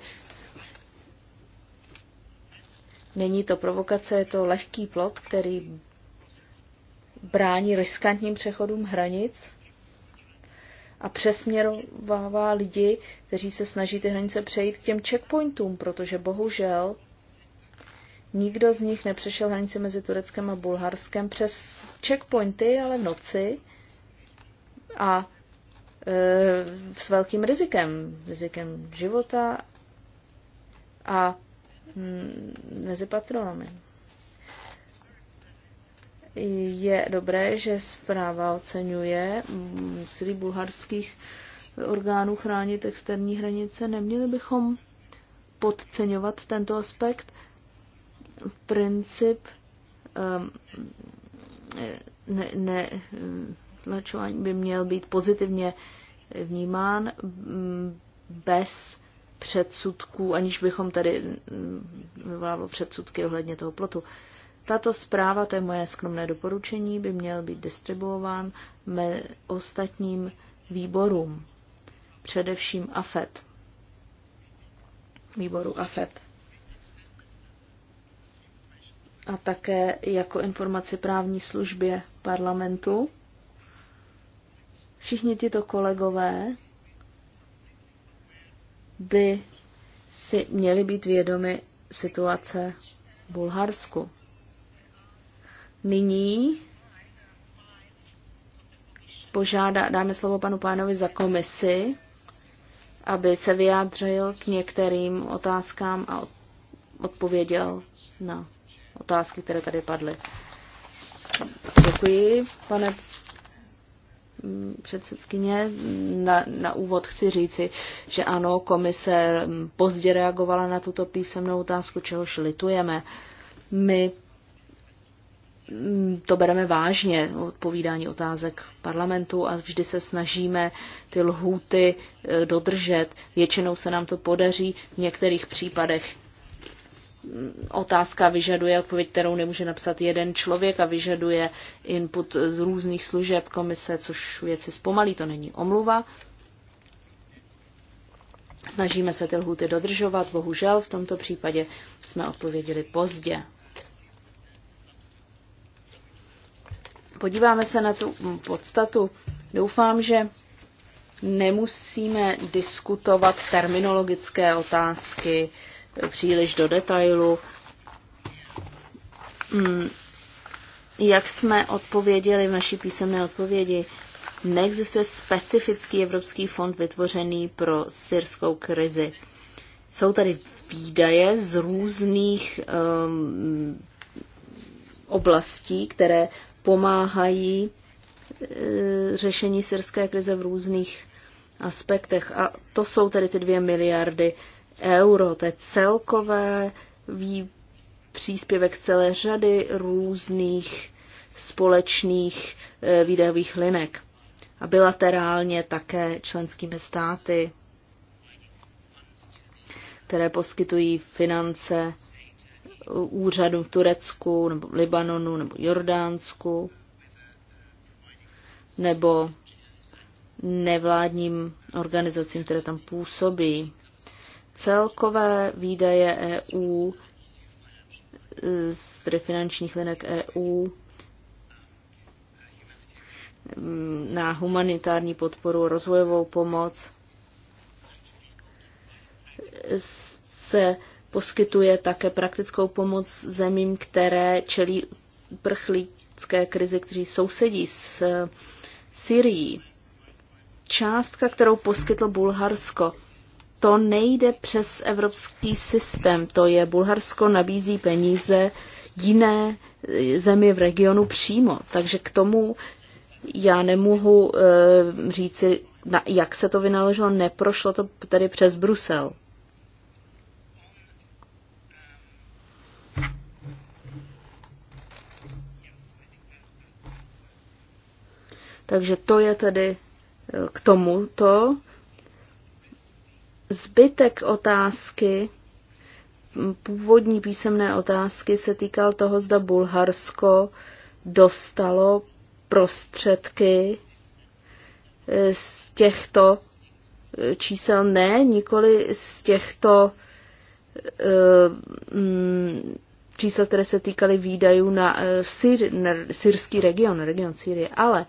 Není to provokace, je to lehký plot, který brání riskantním přechodům hranic a přesměrovává lidi, kteří se snaží ty hranice přejít k těm checkpointům, protože bohužel Nikdo z nich nepřešel hranici mezi Tureckem a Bulharskem přes checkpointy, ale v noci a e, s velkým rizikem, rizikem života a m, mm, mezi patrolami. Je dobré, že zpráva oceňuje mm, úsilí bulharských orgánů chránit externí hranice. Neměli bychom podceňovat tento aspekt princip um, ne, ne, tlačování by měl být pozitivně vnímán mm, bez předsudků, aniž bychom tady mm, vyvolávali předsudky ohledně toho plotu. Tato zpráva, to je moje skromné doporučení, by měl být distribuován me ostatním výborům, především AFET. Výboru AFET a také jako informaci právní službě parlamentu. Všichni tito kolegové by si měli být vědomi situace v Bulharsku. Nyní požádá, dáme slovo panu pánovi za komisi, aby se vyjádřil k některým otázkám a odpověděl na otázky, které tady padly. Děkuji, pane mm, předsedkyně. Na, na úvod chci říci, že ano, komise pozdě reagovala na tuto písemnou otázku, čehož litujeme. My mm, to bereme vážně, odpovídání otázek parlamentu a vždy se snažíme ty lhůty eh, dodržet. Většinou se nám to podaří, v některých případech otázka vyžaduje odpověď, kterou nemůže napsat jeden člověk a vyžaduje input z různých služeb komise, což věci zpomalí, to není omluva. Snažíme se ty lhuty dodržovat, bohužel v tomto případě jsme odpověděli pozdě. Podíváme se na tu podstatu. Doufám, že nemusíme diskutovat terminologické otázky, příliš do detailu. Hmm, jak jsme odpověděli v naší písemné odpovědi, neexistuje specifický evropský fond vytvořený pro syrskou krizi. Jsou tady výdaje z různých um, oblastí, které pomáhají e, řešení syrské krize v různých aspektech. A to jsou tedy ty dvě miliardy euro. To je celkové příspěvek z celé řady různých společných e, výdajových linek a bilaterálně také členskými státy, které poskytují finance úřadům v Turecku nebo Libanonu nebo Jordánsku nebo nevládním organizacím, které tam působí. Celkové výdaje EU z finančních linek EU na humanitární podporu, rozvojovou pomoc se poskytuje také praktickou pomoc zemím, které čelí prchlícké krizi, kteří sousedí s Syrií. Částka, kterou poskytlo Bulharsko, to nejde přes evropský systém. To je, Bulharsko nabízí peníze jiné eh, zemi v regionu přímo. Takže k tomu já nemohu e, říci, na, jak se to vynaložilo, neprošlo to tedy přes Brusel. Takže to je tedy eh, k tomuto. Zbytek otázky, původní písemné otázky, se týkal toho, zda Bulharsko dostalo prostředky eh, z těchto eh, čísel. Ne, nikoli z těchto eh, mm, čísel, které se týkaly výdajů na syr, syrský region, region Sýrie, ale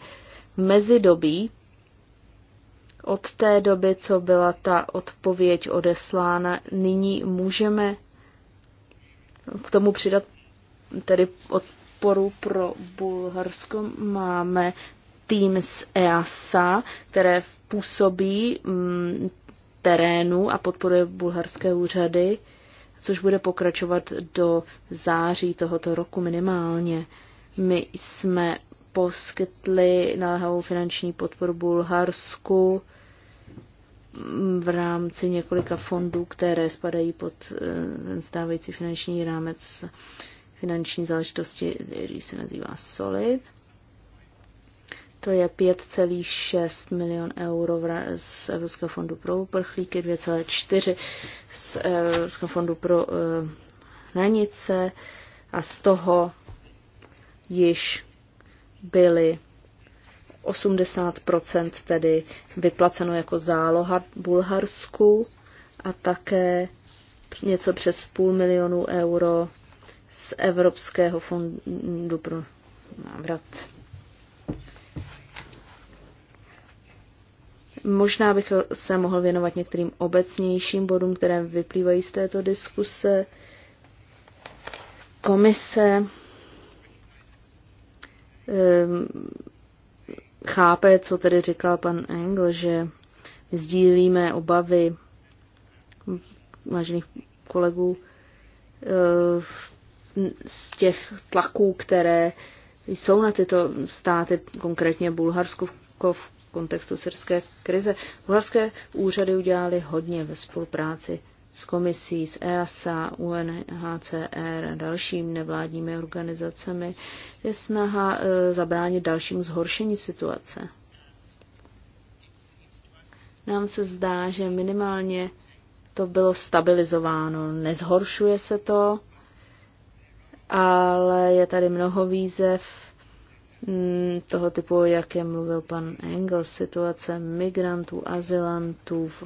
v mezidobí od té doby, co byla ta odpověď odeslána, nyní můžeme k tomu přidat tedy odporu pro Bulharsko. Máme tým z EASA, které působí mm, terénu a podporuje bulharské úřady, což bude pokračovat do září tohoto roku minimálně. My jsme poskytli náhavou finanční podporu Bulharsku mm, v rámci několika fondů, které spadají pod eh, ten stávající finanční rámec finanční záležitosti, který se nazývá SOLID. To je 5,6 milion euro z Evropského fondu pro uprchlíky, 2,4 z Evropského fondu pro eh, hranice a z toho již byly 80% tedy vyplaceno jako záloha Bulharsku a také něco přes půl milionu euro z Evropského fondu pro návrat. Možná bych se mohl věnovat některým obecnějším bodům, které vyplývají z této diskuse. Komise Ehm, chápe, co tedy říkal pan Engel, že sdílíme obavy vážných kolegů ehm, z těch tlaků, které jsou na tyto státy, konkrétně Bulharsko v kontextu syrské krize. Bulharské úřady udělali hodně ve spolupráci s komisí, s EASA, UNHCR a dalšími nevládními organizacemi, je snaha e, zabránit dalšímu zhoršení situace. Nám se zdá, že minimálně to bylo stabilizováno. Nezhoršuje se to, ale je tady mnoho výzev mm, toho typu, jak je mluvil pan Engels, situace migrantů, azylantů v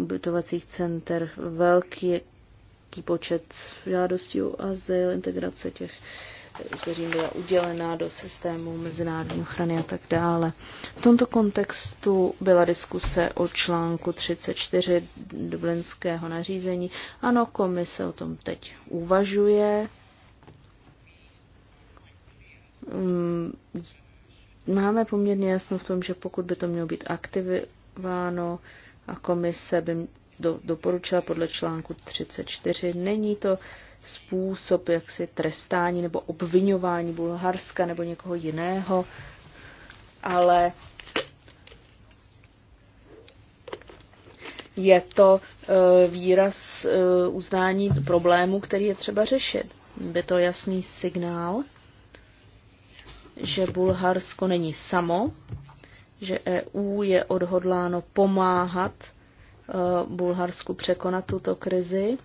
ubytovacích center, velký počet žádostí o azyl, integrace těch, kterým byla udělená do systému mezinárodní ochrany a tak dále. V tomto kontextu byla diskuse o článku 34 dublinského nařízení. Ano, komise o tom teď uvažuje. Mm, máme poměrně jasno v tom, že pokud by to mělo být aktivováno, a komise by do, doporučila podle článku 34. Není to způsob jaksi trestání nebo obvinování Bulharska nebo někoho jiného, ale je to e, výraz e, uznání problému, který je třeba řešit. By to jasný signál, že Bulharsko není samo, že EU je odhodláno pomáhat eh, Bulharsku překonat tuto krizi.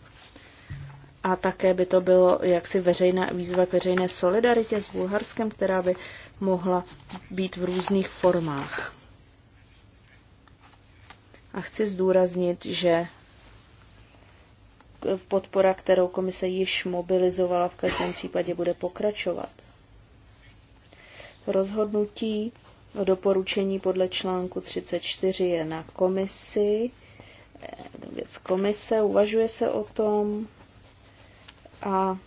A také by to bylo jaksi veřejná výzva k veřejné solidaritě s Bulharskem, která by mohla být v různých formách. A chci zdůraznit, že podpora, kterou komise již mobilizovala, v každém případě bude pokračovat. Rozhodnutí Doporučení podle článku 34 je na komisi. Věc komise, uvažuje se o tom a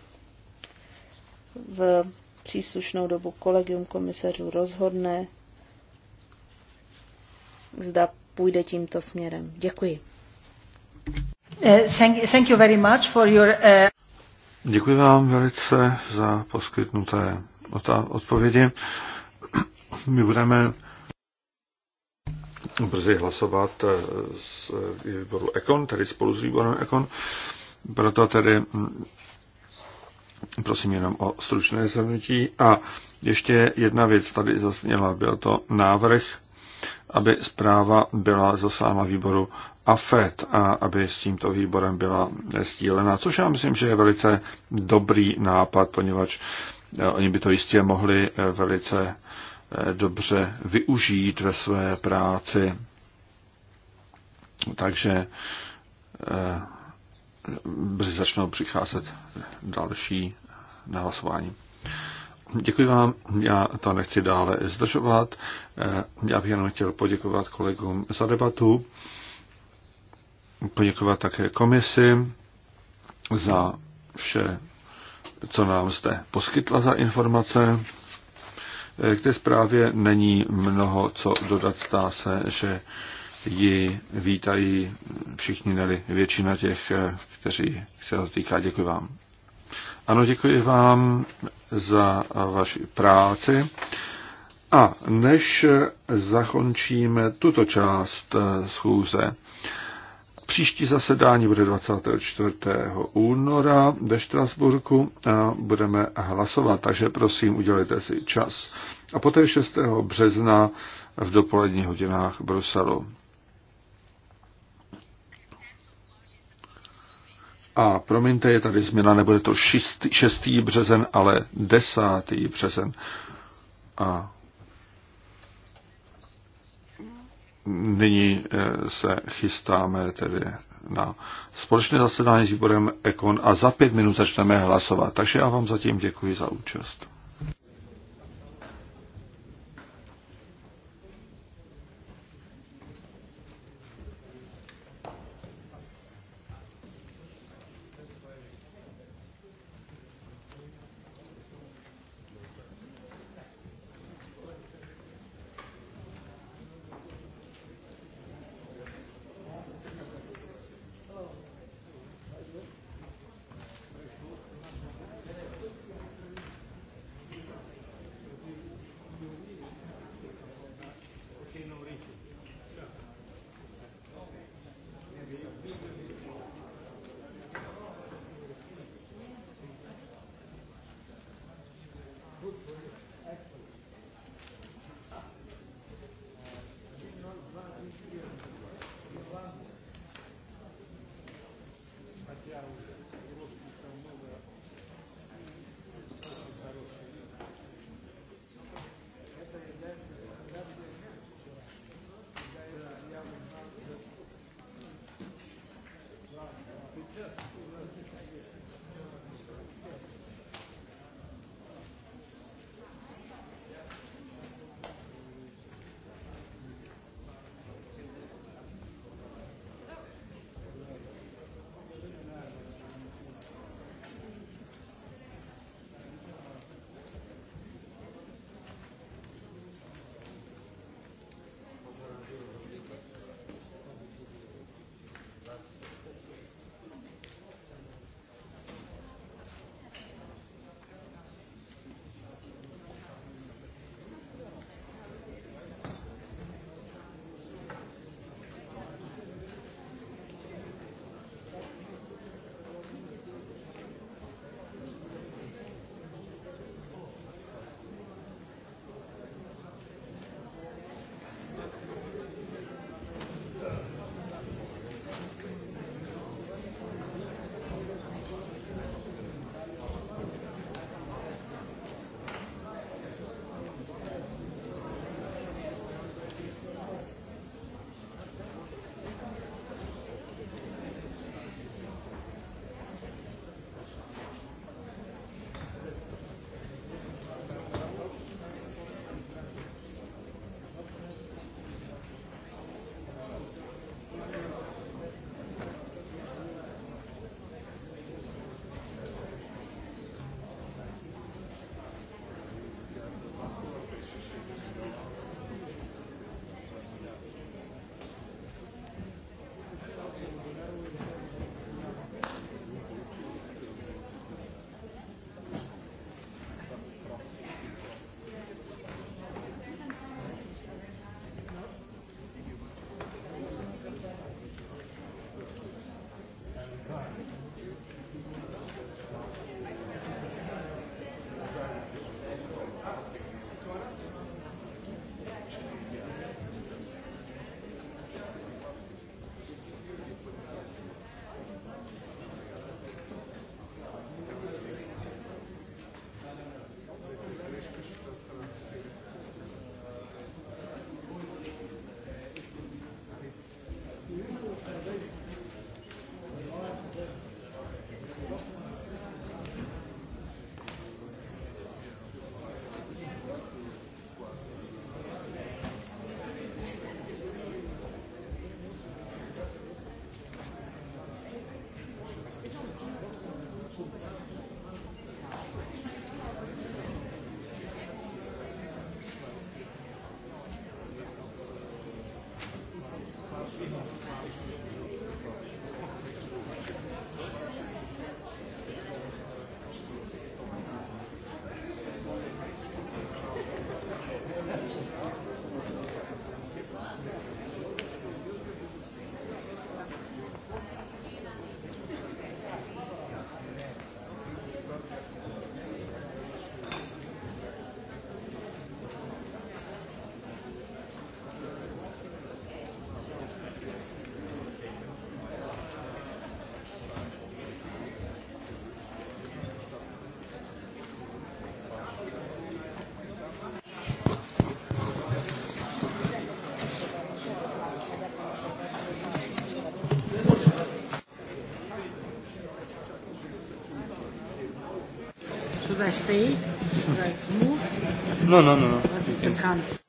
v příslušnou dobu kolegium komisařů rozhodne, zda půjde tímto směrem. Děkuji. Eh, thank you very much for your, eh, Děkuji vám velice za poskytnuté odpovědi my budeme brzy hlasovat z eh, eh, výboru Ekon, tedy spolu s výborem Ekon. Proto tedy hm, prosím jenom o stručné zhrnutí. A ještě jedna věc tady zasněla, byl to návrh, aby zpráva byla zaslána výboru AFET a aby s tímto výborem byla sdílena, což já myslím, že je velice dobrý nápad, poněvadž eh, oni by to jistě mohli velice dobře využít ve své práci. Takže eh, brzy začnou přicházet další na hlasování. Děkuji vám, já to nechci dále zdržovat. Eh, já bych jenom chtěl poděkovat kolegům za debatu, poděkovat také komisi za vše, co nám zde poskytla za informace. K té zprávě není mnoho co dodat. Stá se, že ji vítají všichni, neli většina těch, eh, kteří se to týká. Děkuji vám. Ano, děkuji vám za vaši práci. A než zakončíme tuto část eh, schůze, Příští zasedání bude 24. února ve Štrasburku a budeme hlasovat, takže prosím udělejte si čas. A poté 6. března v dopoledních hodinách v Bruselu. A promiňte, je tady změna, nebude to 6. březen, ale 10. březen. A nyní eh, se chystáme tedy na společné zasedání s výborem Ekon a za pět minut začneme hlasovat. Takže já vám zatím děkuji za účast. I stay? move? No, no, no, no. What is the council?